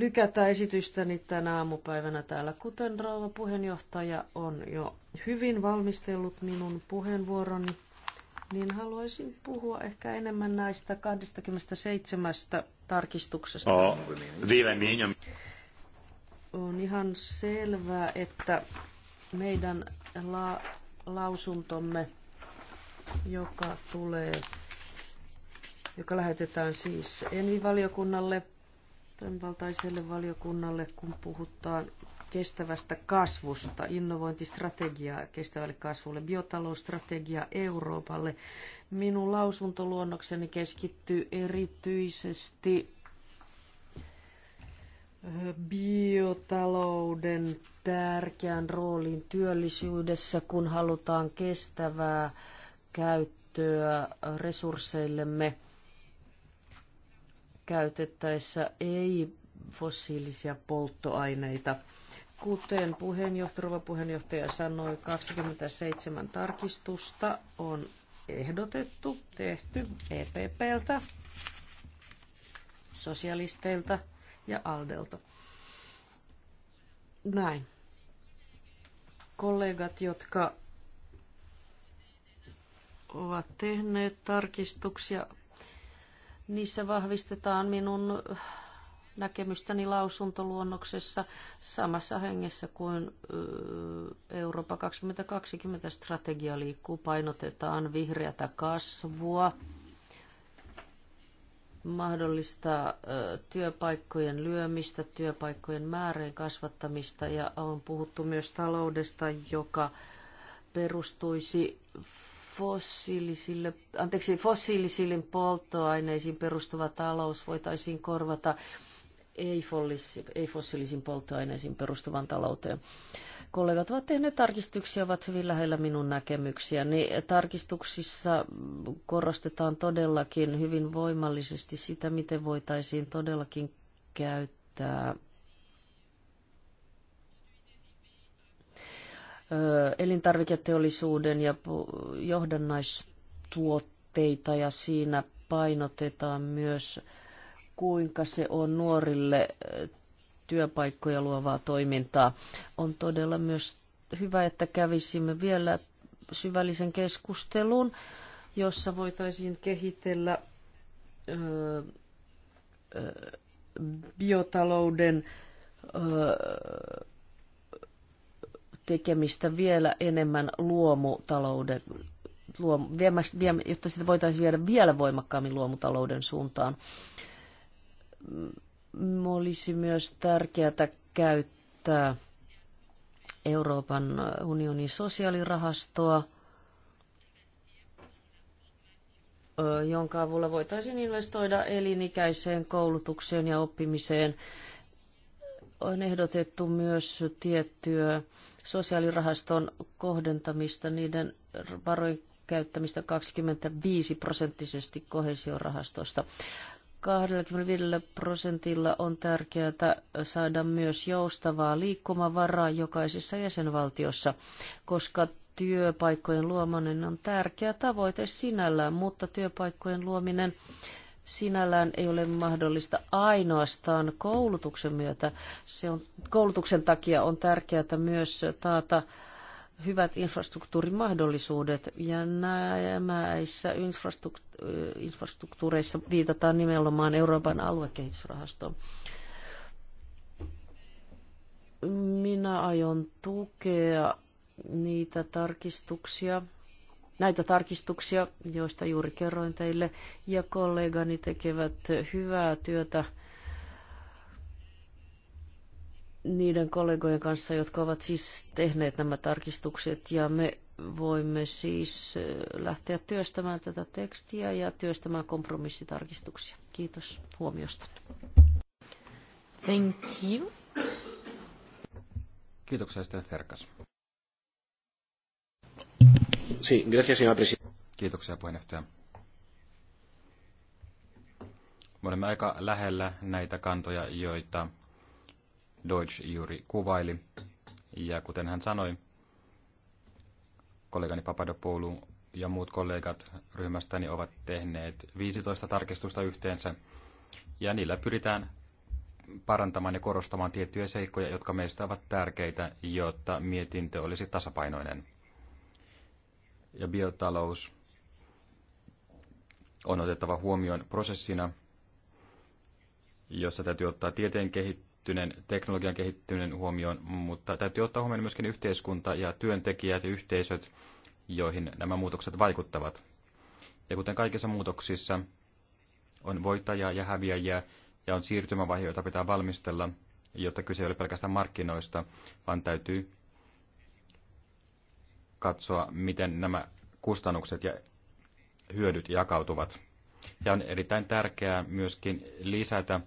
C: lykätä esitystäni tänä aamupäivänä täällä, kuten rouva puheenjohtaja on jo hyvin valmistellut minun puheenvuoroni, niin haluaisin puhua ehkä enemmän näistä 27 tarkistuksesta. Oh, on ihan selvää, että meidän la- lausuntomme, joka tulee, joka lähetetään siis Envivaliokunnalle, valiokunnalle valtaiselle valiokunnalle, kun puhutaan kestävästä kasvusta, innovointistrategiaa kestävälle kasvulle, biotalousstrategia Euroopalle. Minun lausuntoluonnokseni keskittyy erityisesti biotalouden tärkeän roolin työllisyydessä, kun halutaan kestävää käyttöä resursseillemme – käytettäessä ei fossiilisia polttoaineita. Kuten puheenjohtaja, rouva puheenjohtaja sanoi, 27 tarkistusta on ehdotettu, tehty EPPltä, sosialisteilta ja Aldelta. Näin. Kollegat, jotka ovat tehneet tarkistuksia, Niissä vahvistetaan minun näkemystäni lausuntoluonnoksessa samassa hengessä kuin Eurooppa 2020 strategia liikkuu, painotetaan vihreätä kasvua, mahdollista työpaikkojen lyömistä, työpaikkojen määrän kasvattamista ja on puhuttu myös taloudesta, joka perustuisi fossiilisille, anteeksi, fossiilisiin polttoaineisiin perustuva talous voitaisiin korvata ei-fossiilisiin polttoaineisiin perustuvan talouteen. Kollegat ovat tehneet tarkistuksia, ovat hyvin lähellä minun näkemyksiä. Niin, tarkistuksissa korostetaan todellakin hyvin voimallisesti sitä, miten voitaisiin todellakin käyttää elintarviketeollisuuden ja johdannaistuotteita ja siinä painotetaan myös, kuinka se on nuorille työpaikkoja luovaa toimintaa. On todella myös hyvä, että kävisimme vielä syvällisen keskustelun, jossa voitaisiin kehitellä öö, biotalouden öö, tekemistä vielä enemmän luomutalouden, luom, jotta sitä voitaisiin viedä vielä voimakkaammin luomutalouden suuntaan. Olisi myös tärkeää käyttää Euroopan unionin sosiaalirahastoa, jonka avulla voitaisiin investoida elinikäiseen koulutukseen ja oppimiseen on ehdotettu myös tiettyä sosiaalirahaston kohdentamista, niiden varojen käyttämistä 25 prosenttisesti kohesiorahastosta. 25 prosentilla on tärkeää saada myös joustavaa liikkumavaraa jokaisessa jäsenvaltiossa, koska työpaikkojen luominen on tärkeä tavoite sinällään, mutta työpaikkojen luominen sinällään ei ole mahdollista ainoastaan koulutuksen myötä. Se on, koulutuksen takia on tärkeää myös taata hyvät infrastruktuurimahdollisuudet, ja näissä infrastruktuureissa viitataan nimenomaan Euroopan aluekehitysrahastoon. Minä aion tukea niitä tarkistuksia, näitä tarkistuksia, joista juuri kerroin teille, ja kollegani tekevät hyvää työtä niiden kollegojen kanssa, jotka ovat siis tehneet nämä tarkistukset, ja me voimme siis lähteä työstämään tätä tekstiä ja työstämään kompromissitarkistuksia. Kiitos huomiosta.
A: Thank you.
B: Kiitoksia, Sten Ferkas. Sí, gracias, señora presidenta. Kiitoksia, puheenjohtaja. Me olemme aika lähellä näitä kantoja, joita Deutsch juuri kuvaili. Ja kuten hän sanoi, kollegani Papadopoulu ja muut kollegat ryhmästäni ovat tehneet 15 tarkistusta yhteensä, ja niillä pyritään parantamaan ja korostamaan tiettyjä seikkoja, jotka meistä ovat tärkeitä, jotta mietintö olisi tasapainoinen ja biotalous on otettava huomioon prosessina, jossa täytyy ottaa tieteen kehittyneen, teknologian kehittyneen huomioon, mutta täytyy ottaa huomioon myöskin yhteiskunta ja työntekijät ja yhteisöt, joihin nämä muutokset vaikuttavat. Ja kuten kaikissa muutoksissa, on voittajia ja häviäjiä ja on siirtymävaihe, jota pitää valmistella, jotta kyse ei ole pelkästään markkinoista, vaan täytyy katsoa, miten nämä kustannukset ja hyödyt jakautuvat. Ja on erittäin tärkeää myöskin lisätä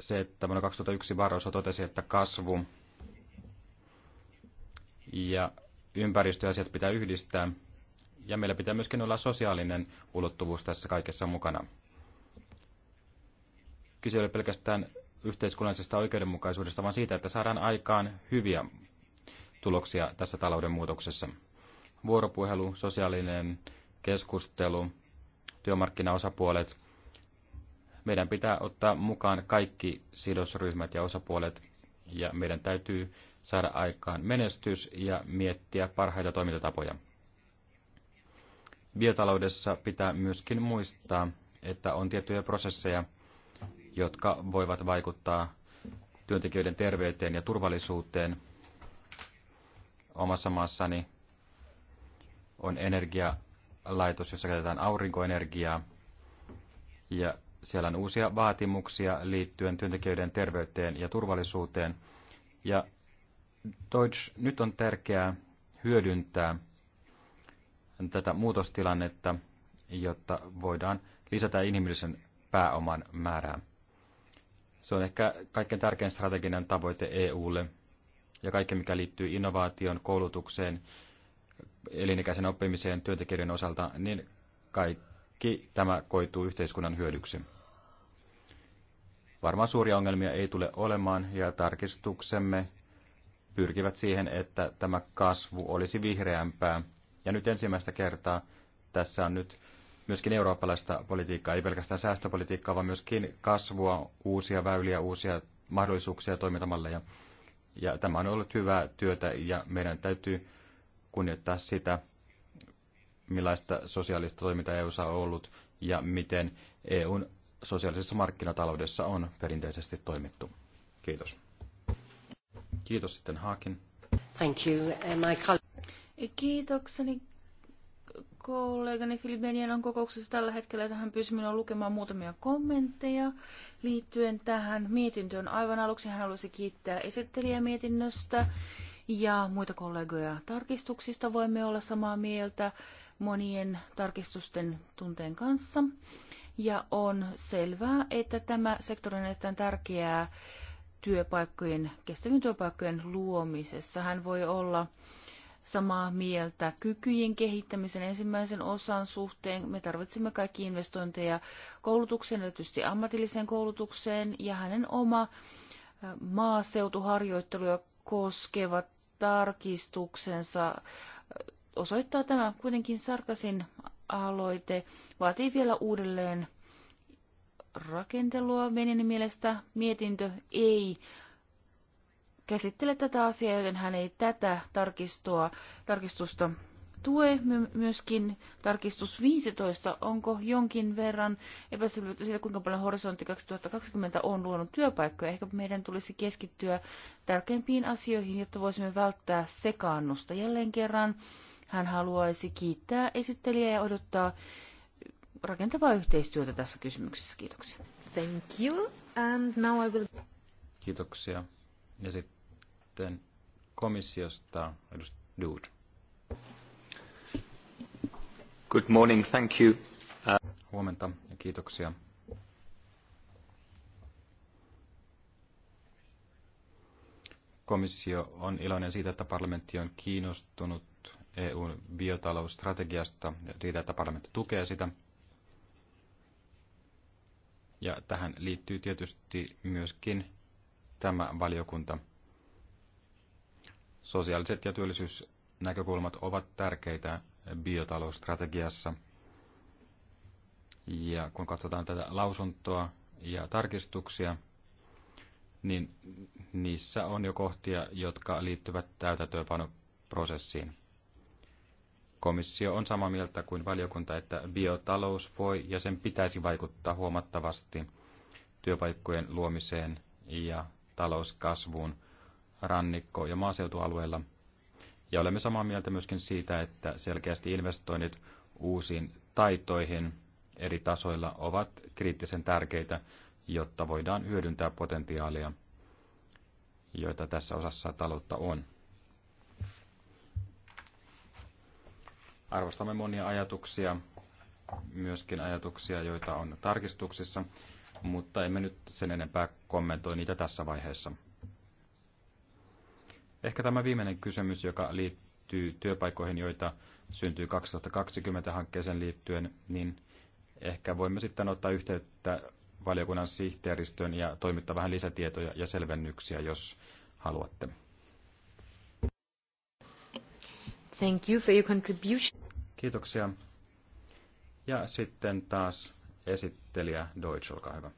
B: se, että vuonna 2001 Barroso totesi, että kasvu ja ympäristöasiat pitää yhdistää. Ja meillä pitää myöskin olla sosiaalinen ulottuvuus tässä kaikessa mukana. Kyse ei ole pelkästään yhteiskunnallisesta oikeudenmukaisuudesta, vaan siitä, että saadaan aikaan hyviä tuloksia tässä talouden muutoksessa. Vuoropuhelu, sosiaalinen keskustelu, työmarkkinaosapuolet. Meidän pitää ottaa mukaan kaikki sidosryhmät ja osapuolet ja meidän täytyy saada aikaan menestys ja miettiä parhaita toimintatapoja. Biotaloudessa pitää myöskin muistaa, että on tiettyjä prosesseja, jotka voivat vaikuttaa työntekijöiden terveyteen ja turvallisuuteen, omassa maassani on energialaitos, jossa käytetään aurinkoenergiaa. Ja siellä on uusia vaatimuksia liittyen työntekijöiden terveyteen ja turvallisuuteen. Ja Deutsch, nyt on tärkeää hyödyntää tätä muutostilannetta, jotta voidaan lisätä inhimillisen pääoman määrää. Se on ehkä kaikkein tärkein strateginen tavoite EUlle, ja kaikki, mikä liittyy innovaation, koulutukseen, elinikäisen oppimiseen työntekijöiden osalta, niin kaikki tämä koituu yhteiskunnan hyödyksi. Varmaan suuria ongelmia ei tule olemaan ja tarkistuksemme pyrkivät siihen, että tämä kasvu olisi vihreämpää. Ja nyt ensimmäistä kertaa tässä on nyt myöskin eurooppalaista politiikkaa, ei pelkästään säästöpolitiikkaa, vaan myöskin kasvua, uusia väyliä, uusia mahdollisuuksia ja toimintamalleja. Ja tämä on ollut hyvää työtä ja meidän täytyy kunnioittaa sitä, millaista sosiaalista toimintaa EU on ollut ja miten EUn sosiaalisessa markkinataloudessa on perinteisesti toimittu. Kiitos. Kiitos sitten Haakin. Thank you, eh, Michael.
A: Kiitokseni kollegani Filibenian on kokouksessa tällä hetkellä, että hän pyysi minua lukemaan muutamia kommentteja liittyen tähän mietintöön. Aivan aluksi hän halusi kiittää esittelijä mietinnöstä ja muita kollegoja tarkistuksista. Voimme olla samaa mieltä monien tarkistusten tunteen kanssa. Ja on selvää, että tämä sektori on erittäin tärkeää työpaikkojen, kestävien työpaikkojen luomisessa. Hän voi olla samaa mieltä kykyjen kehittämisen ensimmäisen osan suhteen. Me tarvitsemme kaikki investointeja koulutukseen, erityisesti ammatilliseen koulutukseen ja hänen oma maaseutuharjoitteluja koskevat tarkistuksensa osoittaa tämä kuitenkin Sarkasin aloite vaatii vielä uudelleen rakentelua. Menin mielestä mietintö ei käsittele tätä asiaa, joten hän ei tätä tarkistua, tarkistusta tue. Myöskin tarkistus 15, onko jonkin verran epäselvyyttä siitä, kuinka paljon horisontti 2020 on luonut työpaikkoja. Ehkä meidän tulisi keskittyä tärkeimpiin asioihin, jotta voisimme välttää sekaannusta. Jälleen kerran hän haluaisi kiittää esittelijää ja odottaa rakentavaa yhteistyötä tässä kysymyksessä. Kiitoksia. Thank you. And now I will...
B: Kiitoksia. Ja sitten sitten komissiosta edustaja Good morning, thank you. Uh, Huomenta ja kiitoksia. Komissio on iloinen siitä, että parlamentti on kiinnostunut EUn biotalousstrategiasta ja siitä, että parlamentti tukee sitä. Ja tähän liittyy tietysti myöskin tämä valiokunta – Sosiaaliset ja työllisyysnäkökulmat ovat tärkeitä biotalousstrategiassa. Ja kun katsotaan tätä lausuntoa ja tarkistuksia, niin niissä on jo kohtia, jotka liittyvät täytäntöönpanoprosessiin. Komissio on samaa mieltä kuin valiokunta, että biotalous voi ja sen pitäisi vaikuttaa huomattavasti työpaikkojen luomiseen ja talouskasvuun – rannikko- ja maaseutualueilla. Ja olemme samaa mieltä myöskin siitä, että selkeästi investoinnit uusiin taitoihin eri tasoilla ovat kriittisen tärkeitä, jotta voidaan hyödyntää potentiaalia, joita tässä osassa taloutta on. Arvostamme monia ajatuksia, myöskin ajatuksia, joita on tarkistuksissa, mutta emme nyt sen enempää kommentoi niitä tässä vaiheessa. Ehkä tämä viimeinen kysymys, joka liittyy työpaikoihin, joita syntyy 2020 hankkeeseen liittyen, niin ehkä voimme sitten ottaa yhteyttä valiokunnan sihteeristöön ja toimittaa vähän lisätietoja ja selvennyksiä, jos haluatte.
A: Thank you for your contribution.
B: Kiitoksia. Ja sitten taas esittelijä Deutsch, olkaa hyvä.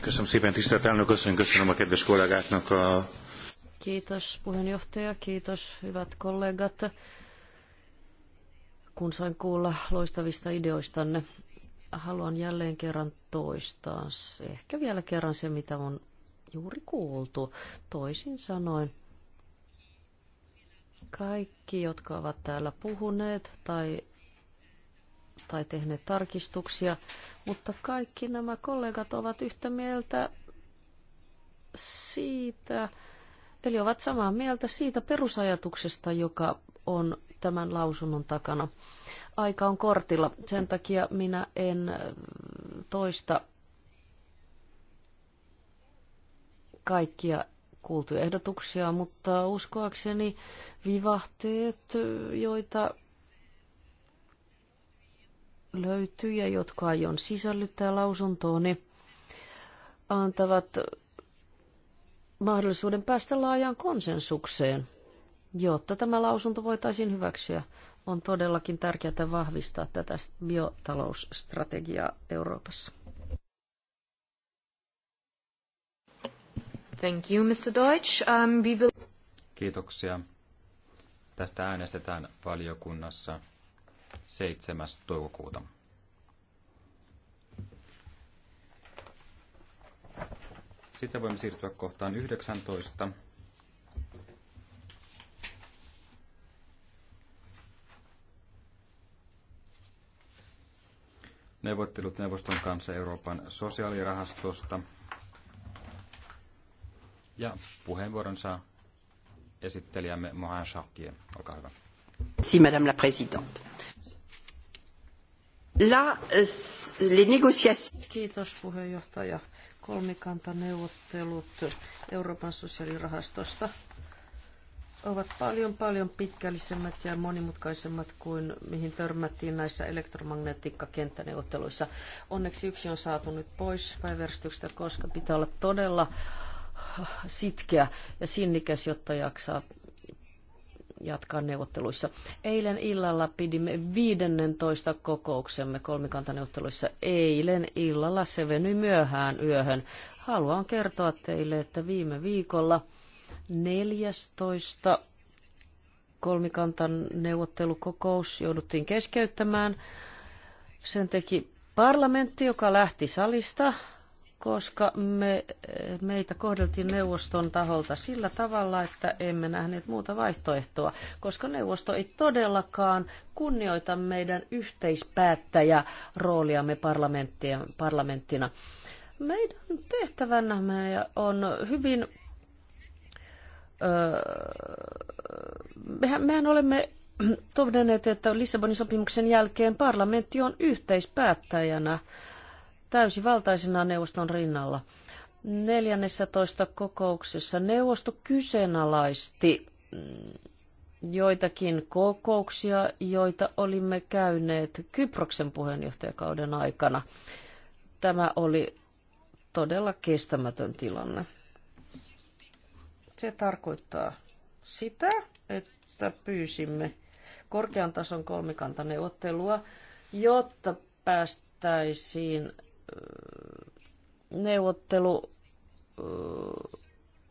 B: Köszönöm szépen, tisztelt elnök, köszönöm, köszönöm a kedves kollégáknak a...
C: Kiitos puheenjohtaja, kétas hyvät kollégat, kun sain kuulla loistavista ideoistanne. Haluan jälleen kerran toistaa, ehkä vielä kerran se, mitä on juuri kuultu. Toisin sanoen, kaikki, jotka ovat täällä puhuneet tai tai tehneet tarkistuksia, mutta kaikki nämä kollegat ovat yhtä mieltä siitä, eli ovat samaa mieltä siitä perusajatuksesta, joka on tämän lausunnon takana. Aika on kortilla. Sen takia minä en toista kaikkia kuultuja ehdotuksia, mutta uskoakseni vivahteet, joita löytyy ja jotka aion sisällyttää lausuntooni, antavat mahdollisuuden päästä laajaan konsensukseen, jotta tämä lausunto voitaisiin hyväksyä. On todellakin tärkeää vahvistaa tätä biotalousstrategiaa Euroopassa.
A: Thank you, Mr. Deutsch. Um, we will...
B: Kiitoksia. Tästä äänestetään valiokunnassa 7. toukokuuta. Sitten voimme siirtyä kohtaan 19. Neuvottelut neuvoston kanssa Euroopan sosiaalirahastosta. Ja puheenvuoron saa esittelijämme Mohan Chartier. Olkaa hyvä.
C: Merci, madame la présidente. La, euh, les négociations. Kiitos puheenjohtaja. Kolmikantaneuvottelut Euroopan sosiaalirahastosta ovat paljon paljon pitkällisemmät ja monimutkaisemmat kuin mihin törmättiin näissä elektromagnetiikkakenttäneuvotteluissa. Onneksi yksi on saatu nyt pois päiväjärjestyksestä, koska pitää olla todella sitkeä ja sinnikäs, jotta jaksaa jatkaa neuvotteluissa. Eilen illalla pidimme 15 kokouksemme kolmikantaneuvotteluissa. Eilen illalla se venyi myöhään yöhön. Haluan kertoa teille, että viime viikolla 14 kolmikantan neuvottelukokous jouduttiin keskeyttämään. Sen teki parlamentti, joka lähti salista koska me, meitä kohdeltiin neuvoston taholta sillä tavalla, että emme nähneet muuta vaihtoehtoa, koska neuvosto ei todellakaan kunnioita meidän rooliamme parlamenttina. Meidän tehtävänämme on hyvin... Öö, mehän, mehän olemme todenneet, että Lissabonin sopimuksen jälkeen parlamentti on yhteispäättäjänä. Öö, täysivaltaisena neuvoston rinnalla. 14. kokouksessa neuvosto kyseenalaisti mm, joitakin kokouksia, joita olimme käyneet Kyproksen puheenjohtajakauden aikana. Tämä oli todella kestämätön tilanne. Se tarkoittaa sitä, että pyysimme korkean tason kolmikantaneuvottelua, jotta päästäisiin neuvottelu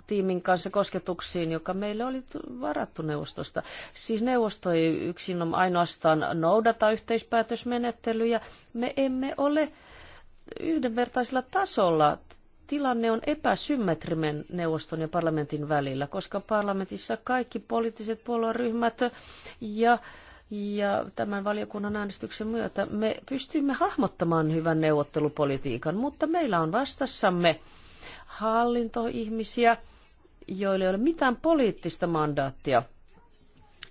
C: tiimin kanssa kosketuksiin, joka meille oli varattu neuvostosta. Siis neuvosto ei yksin ainoastaan noudata yhteispäätösmenettelyjä. Me emme ole yhdenvertaisella tasolla. Tilanne on epäsymmetrinen neuvoston ja parlamentin välillä, koska parlamentissa kaikki poliittiset puolueryhmät ja ja tämän valiokunnan äänestyksen myötä me pystymme hahmottamaan hyvän neuvottelupolitiikan, mutta meillä on vastassamme hallintoihmisiä, joille ei ole mitään poliittista mandaattia.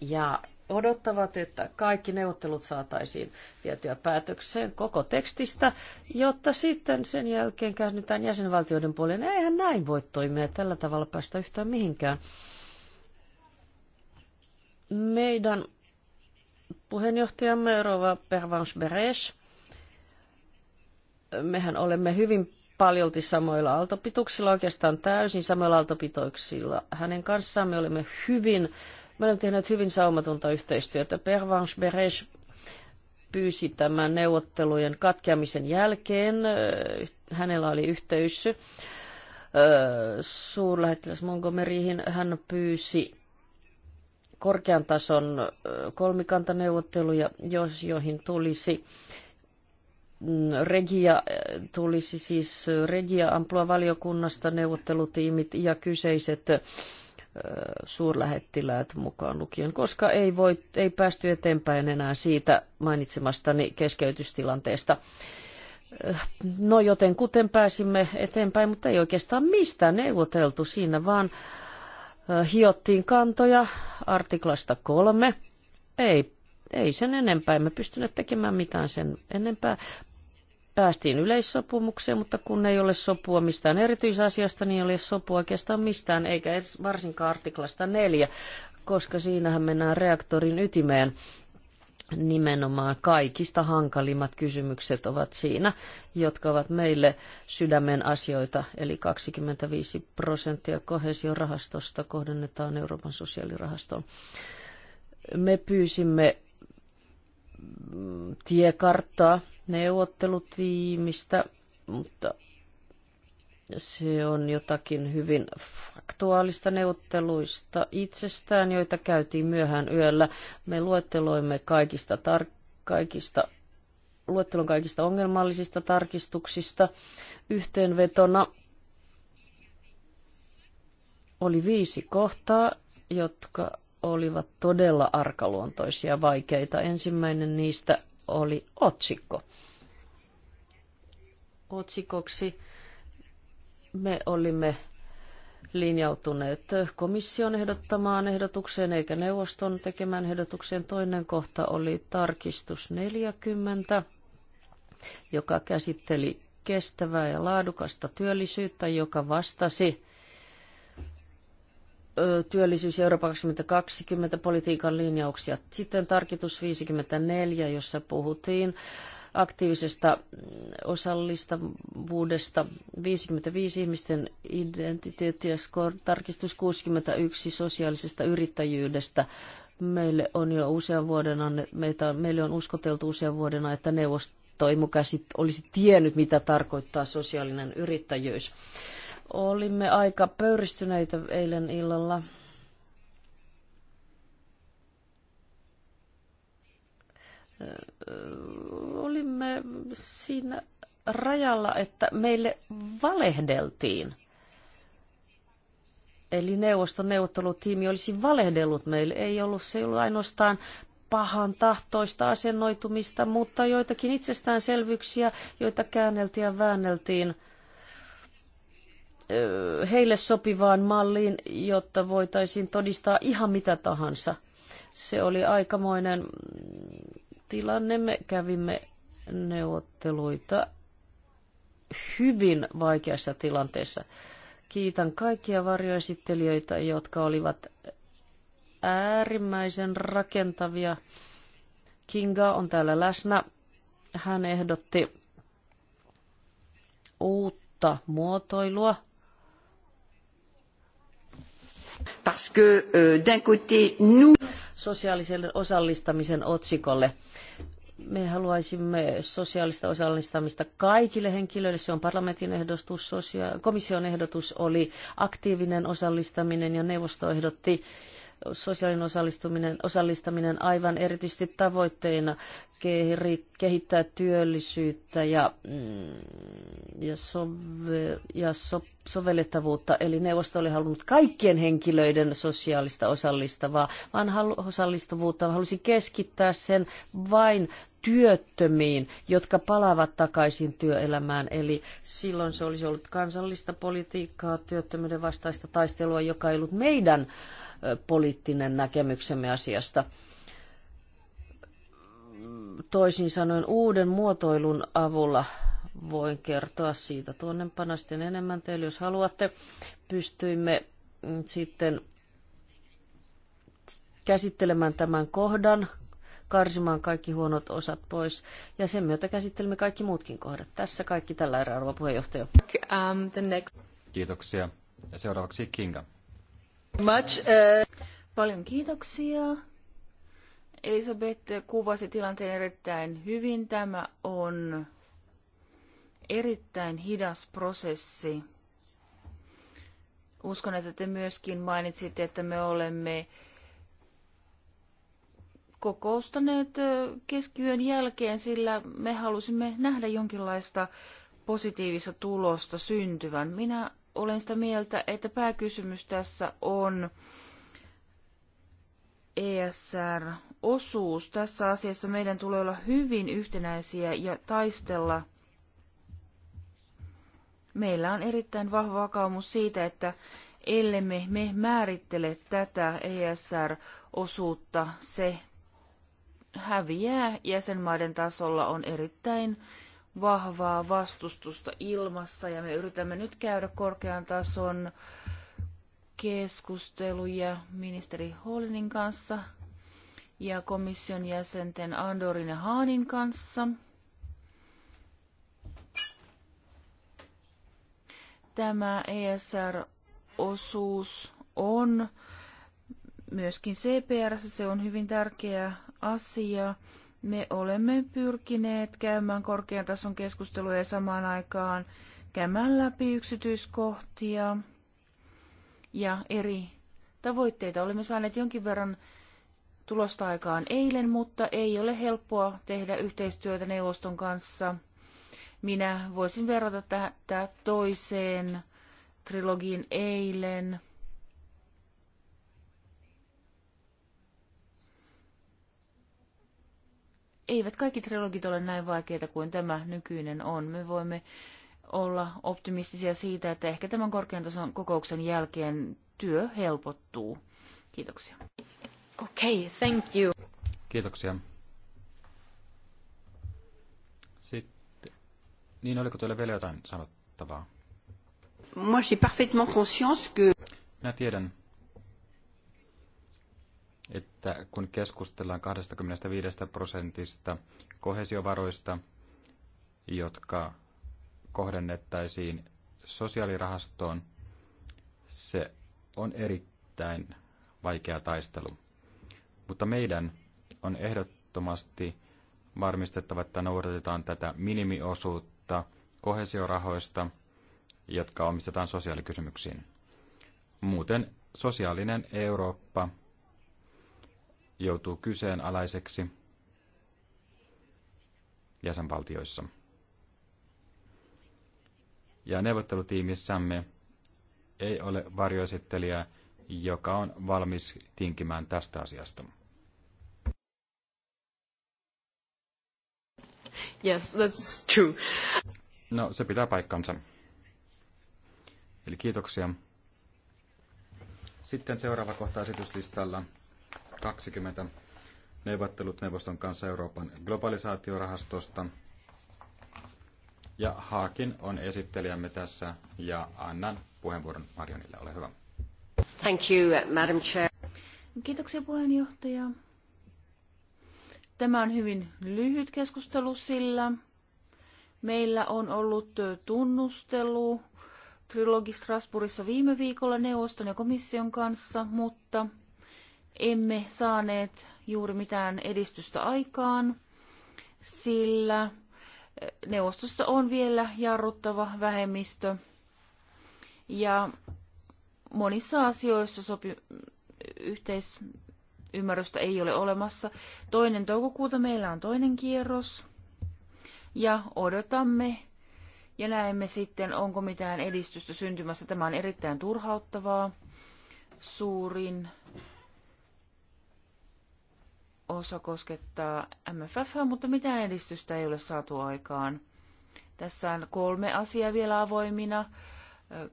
C: Ja odottavat, että kaikki neuvottelut saataisiin vietyä päätökseen koko tekstistä, jotta sitten sen jälkeen käännytään jäsenvaltioiden puoleen. Eihän näin voi toimia, tällä tavalla päästä yhtään mihinkään. Meidän puheenjohtajamme Rova Pervans Beres. Mehän olemme hyvin paljolti samoilla altopituksilla, oikeastaan täysin samoilla altopituksilla. Hänen kanssaan me olemme hyvin, me olemme tehneet hyvin saumatonta yhteistyötä. Pervans Beres pyysi tämän neuvottelujen katkeamisen jälkeen. Hänellä oli yhteys suurlähettiläs Montgomeryhin. Hän pyysi korkean tason kolmikantaneuvotteluja, jos, joihin tulisi mm, Regia tulisi siis Regia amplua valiokunnasta neuvottelutiimit ja kyseiset suurlähettiläät mukaan lukien, koska ei, voi, ei päästy eteenpäin enää siitä mainitsemastani keskeytystilanteesta. No joten kuten pääsimme eteenpäin, mutta ei oikeastaan mistään neuvoteltu siinä, vaan hiottiin kantoja artiklasta kolme. Ei, ei sen enempää, emme pystyneet tekemään mitään sen enempää. Päästiin yleissopumukseen, mutta kun ei ole sopua mistään erityisasiasta, niin ei ole sopua oikeastaan mistään, eikä edes varsinkaan artiklasta neljä, koska siinähän mennään reaktorin ytimeen nimenomaan kaikista hankalimmat kysymykset ovat siinä, jotka ovat meille sydämen asioita. Eli 25 prosenttia kohesiorahastosta kohdennetaan Euroopan sosiaalirahastoon. Me pyysimme tiekarttaa neuvottelutiimistä, mutta se on jotakin hyvin faktuaalista neuvotteluista itsestään, joita käytiin myöhään yöllä. Me luetteloimme kaikista, tar- kaikista luettelon kaikista ongelmallisista tarkistuksista. Yhteenvetona oli viisi kohtaa, jotka olivat todella arkaluontoisia vaikeita. Ensimmäinen niistä oli otsikko. Otsikoksi me olimme linjautuneet komission ehdottamaan ehdotukseen eikä neuvoston tekemään ehdotukseen. Toinen kohta oli tarkistus 40, joka käsitteli kestävää ja laadukasta työllisyyttä, joka vastasi työllisyys- Euroopan 2020 politiikan linjauksia. Sitten tarkistus 54, jossa puhuttiin aktiivisesta osallistavuudesta. 55 ihmisten identiteetti ja tarkistus 61 sosiaalisesta yrittäjyydestä. Meille on jo usean vuoden, meitä, meille on uskoteltu usean vuoden, että neuvostoimukäsit olisi tiennyt, mitä tarkoittaa sosiaalinen yrittäjyys. Olimme aika pöyristyneitä eilen illalla olimme siinä rajalla, että meille valehdeltiin. Eli neuvoston neuvottelutiimi olisi valehdellut meille. Ei ollut, se ei ollut ainoastaan pahan tahtoista asennoitumista, mutta joitakin itsestäänselvyyksiä, joita käänneltiin ja väänneltiin heille sopivaan malliin, jotta voitaisiin todistaa ihan mitä tahansa. Se oli aikamoinen tilanne. Me kävimme neuvotteluita hyvin vaikeassa tilanteessa. Kiitän kaikkia varjoesittelijöitä, jotka olivat äärimmäisen rakentavia. Kinga on täällä läsnä. Hän ehdotti uutta muotoilua. Parce que euh, d'un côté, nous sosiaalisen osallistamisen otsikolle. Me haluaisimme sosiaalista osallistamista kaikille henkilöille. Se on parlamentin ehdotus, sosia- komission ehdotus oli aktiivinen osallistaminen ja neuvosto ehdotti äh, sosiaalinen osallistuminen, osallistaminen aivan erityisesti tavoitteena kehittää työllisyyttä ja, mm, ja, sove, ja so, sovellettavuutta. Eli neuvosto oli halunnut kaikkien henkilöiden sosiaalista osallistavaa, vaan halu, osallistuvuutta halusi keskittää sen vain työttömiin, jotka palaavat takaisin työelämään. Eli silloin se olisi ollut kansallista politiikkaa, työttömyyden vastaista taistelua, joka ei ollut meidän poliittinen näkemyksemme asiasta. Toisin sanoen uuden muotoilun avulla voin kertoa siitä tuonnempana sitten enemmän teille, jos haluatte. Pystyimme mm, sitten käsittelemään tämän kohdan karsimaan kaikki huonot osat pois. Ja sen myötä käsittelemme kaikki muutkin kohdat. Tässä kaikki tällä erää, arvo puheenjohtaja. Um,
A: the next.
B: Kiitoksia. Ja seuraavaksi Kinga.
A: Much, uh... Paljon kiitoksia. Elisabeth kuvasi tilanteen erittäin hyvin. Tämä on erittäin hidas prosessi. Uskon, että te myöskin mainitsitte, että me olemme kokoustaneet keskiyön jälkeen, sillä me halusimme nähdä jonkinlaista positiivista tulosta syntyvän. Minä olen sitä mieltä, että pääkysymys tässä on ESR-osuus. Tässä asiassa meidän tulee olla hyvin yhtenäisiä ja taistella. Meillä on erittäin vahva vakaumus siitä, että ellemme me määrittele tätä ESR-osuutta, se häviää jäsenmaiden tasolla on erittäin vahvaa vastustusta ilmassa ja me yritämme nyt käydä korkean tason keskusteluja ministeri Hollinin kanssa ja komission jäsenten Andorin ja Haanin kanssa. Tämä ESR-osuus on myöskin CPR, se on hyvin tärkeä asia. Me olemme pyrkineet käymään korkean tason keskusteluja ja samaan aikaan käymään läpi yksityiskohtia ja eri tavoitteita. Olemme saaneet jonkin verran tulosta aikaan eilen, mutta ei ole helppoa tehdä yhteistyötä neuvoston kanssa. Minä voisin verrata tätä toiseen trilogiin eilen – eivät kaikki trilogit ole näin vaikeita kuin tämä nykyinen on. Me voimme olla optimistisia siitä, että ehkä tämän korkean tason kokouksen jälkeen työ helpottuu. Kiitoksia.
B: Okay, thank you. Kiitoksia. Sitten, niin oliko teille vielä jotain sanottavaa?
A: Moi, j'ai parfaitement conscience que...
B: Minä tiedän, että kun keskustellaan 25 prosentista kohesiovaroista, jotka kohdennettaisiin sosiaalirahastoon, se on erittäin vaikea taistelu. Mutta meidän on ehdottomasti varmistettava, että noudatetaan tätä minimiosuutta kohesiorahoista, jotka omistetaan sosiaalikysymyksiin. Muuten sosiaalinen Eurooppa – joutuu kyseenalaiseksi jäsenvaltioissa. Ja neuvottelutiimissämme ei ole varjoesittelijää, joka on valmis tinkimään tästä asiasta. Yes, that's true. No, se pitää paikkansa. Eli kiitoksia. Sitten seuraava kohta esityslistalla 2020 neuvottelut neuvoston kanssa Euroopan globalisaatiorahastosta. Ja Haakin on esittelijämme tässä ja annan puheenvuoron Marjonille. Ole hyvä.
A: Thank you, uh, Madam Chair. Kiitoksia puheenjohtaja. Tämä on hyvin lyhyt keskustelu, sillä meillä on ollut tunnustelu trilogi Strasbourgissa viime viikolla neuvoston ja komission kanssa, mutta emme saaneet juuri mitään edistystä aikaan, sillä eh, neuvostossa on vielä jarruttava vähemmistö ja monissa asioissa sopi, yhteisymmärrystä ei ole olemassa. Toinen toukokuuta meillä on toinen kierros ja odotamme ja näemme sitten, onko mitään edistystä syntymässä. Tämä on erittäin turhauttavaa. Suurin osa koskettaa MFF, mutta mitään edistystä ei ole saatu aikaan. Tässä on kolme asiaa vielä avoimina.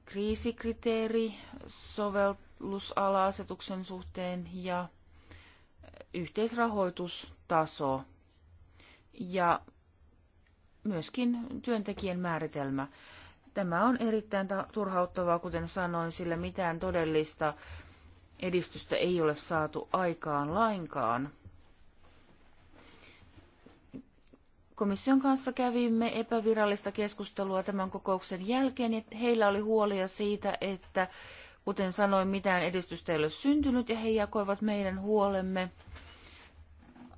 A: Kriisikriteeri sovellusala-asetuksen suhteen ja yhteisrahoitustaso ja myöskin työntekijän määritelmä. Tämä on erittäin turhauttavaa, kuten sanoin, sillä mitään todellista edistystä ei ole saatu aikaan lainkaan. Komission kanssa kävimme epävirallista keskustelua tämän kokouksen jälkeen ja niin heillä oli huolia siitä, että kuten sanoin, mitään edistystä ei ole syntynyt ja he jakoivat meidän huolemme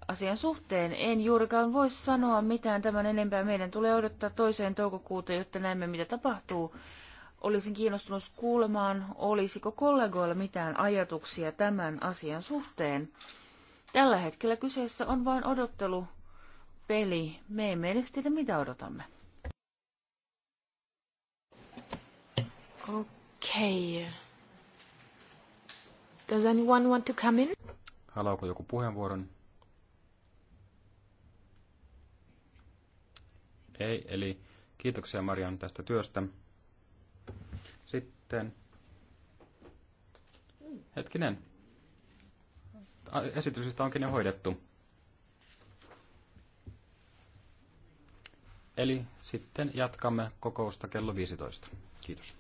A: asian suhteen. En juurikaan voi sanoa mitään tämän enempää. Meidän tulee odottaa toiseen toukokuuta, jotta näemme mitä tapahtuu. Olisin kiinnostunut kuulemaan, olisiko kollegoilla mitään ajatuksia tämän asian suhteen. Tällä hetkellä kyseessä on vain odottelu peli. Me emme edes tiedä, mitä odotamme. Okei. Okay. Does anyone want to come
B: in? Haluaako joku puheenvuoron? Ei, eli kiitoksia Marian tästä työstä. Sitten, hetkinen, esityksestä onkin jo hoidettu. Eli sitten jatkamme kokousta kello 15. Kiitos.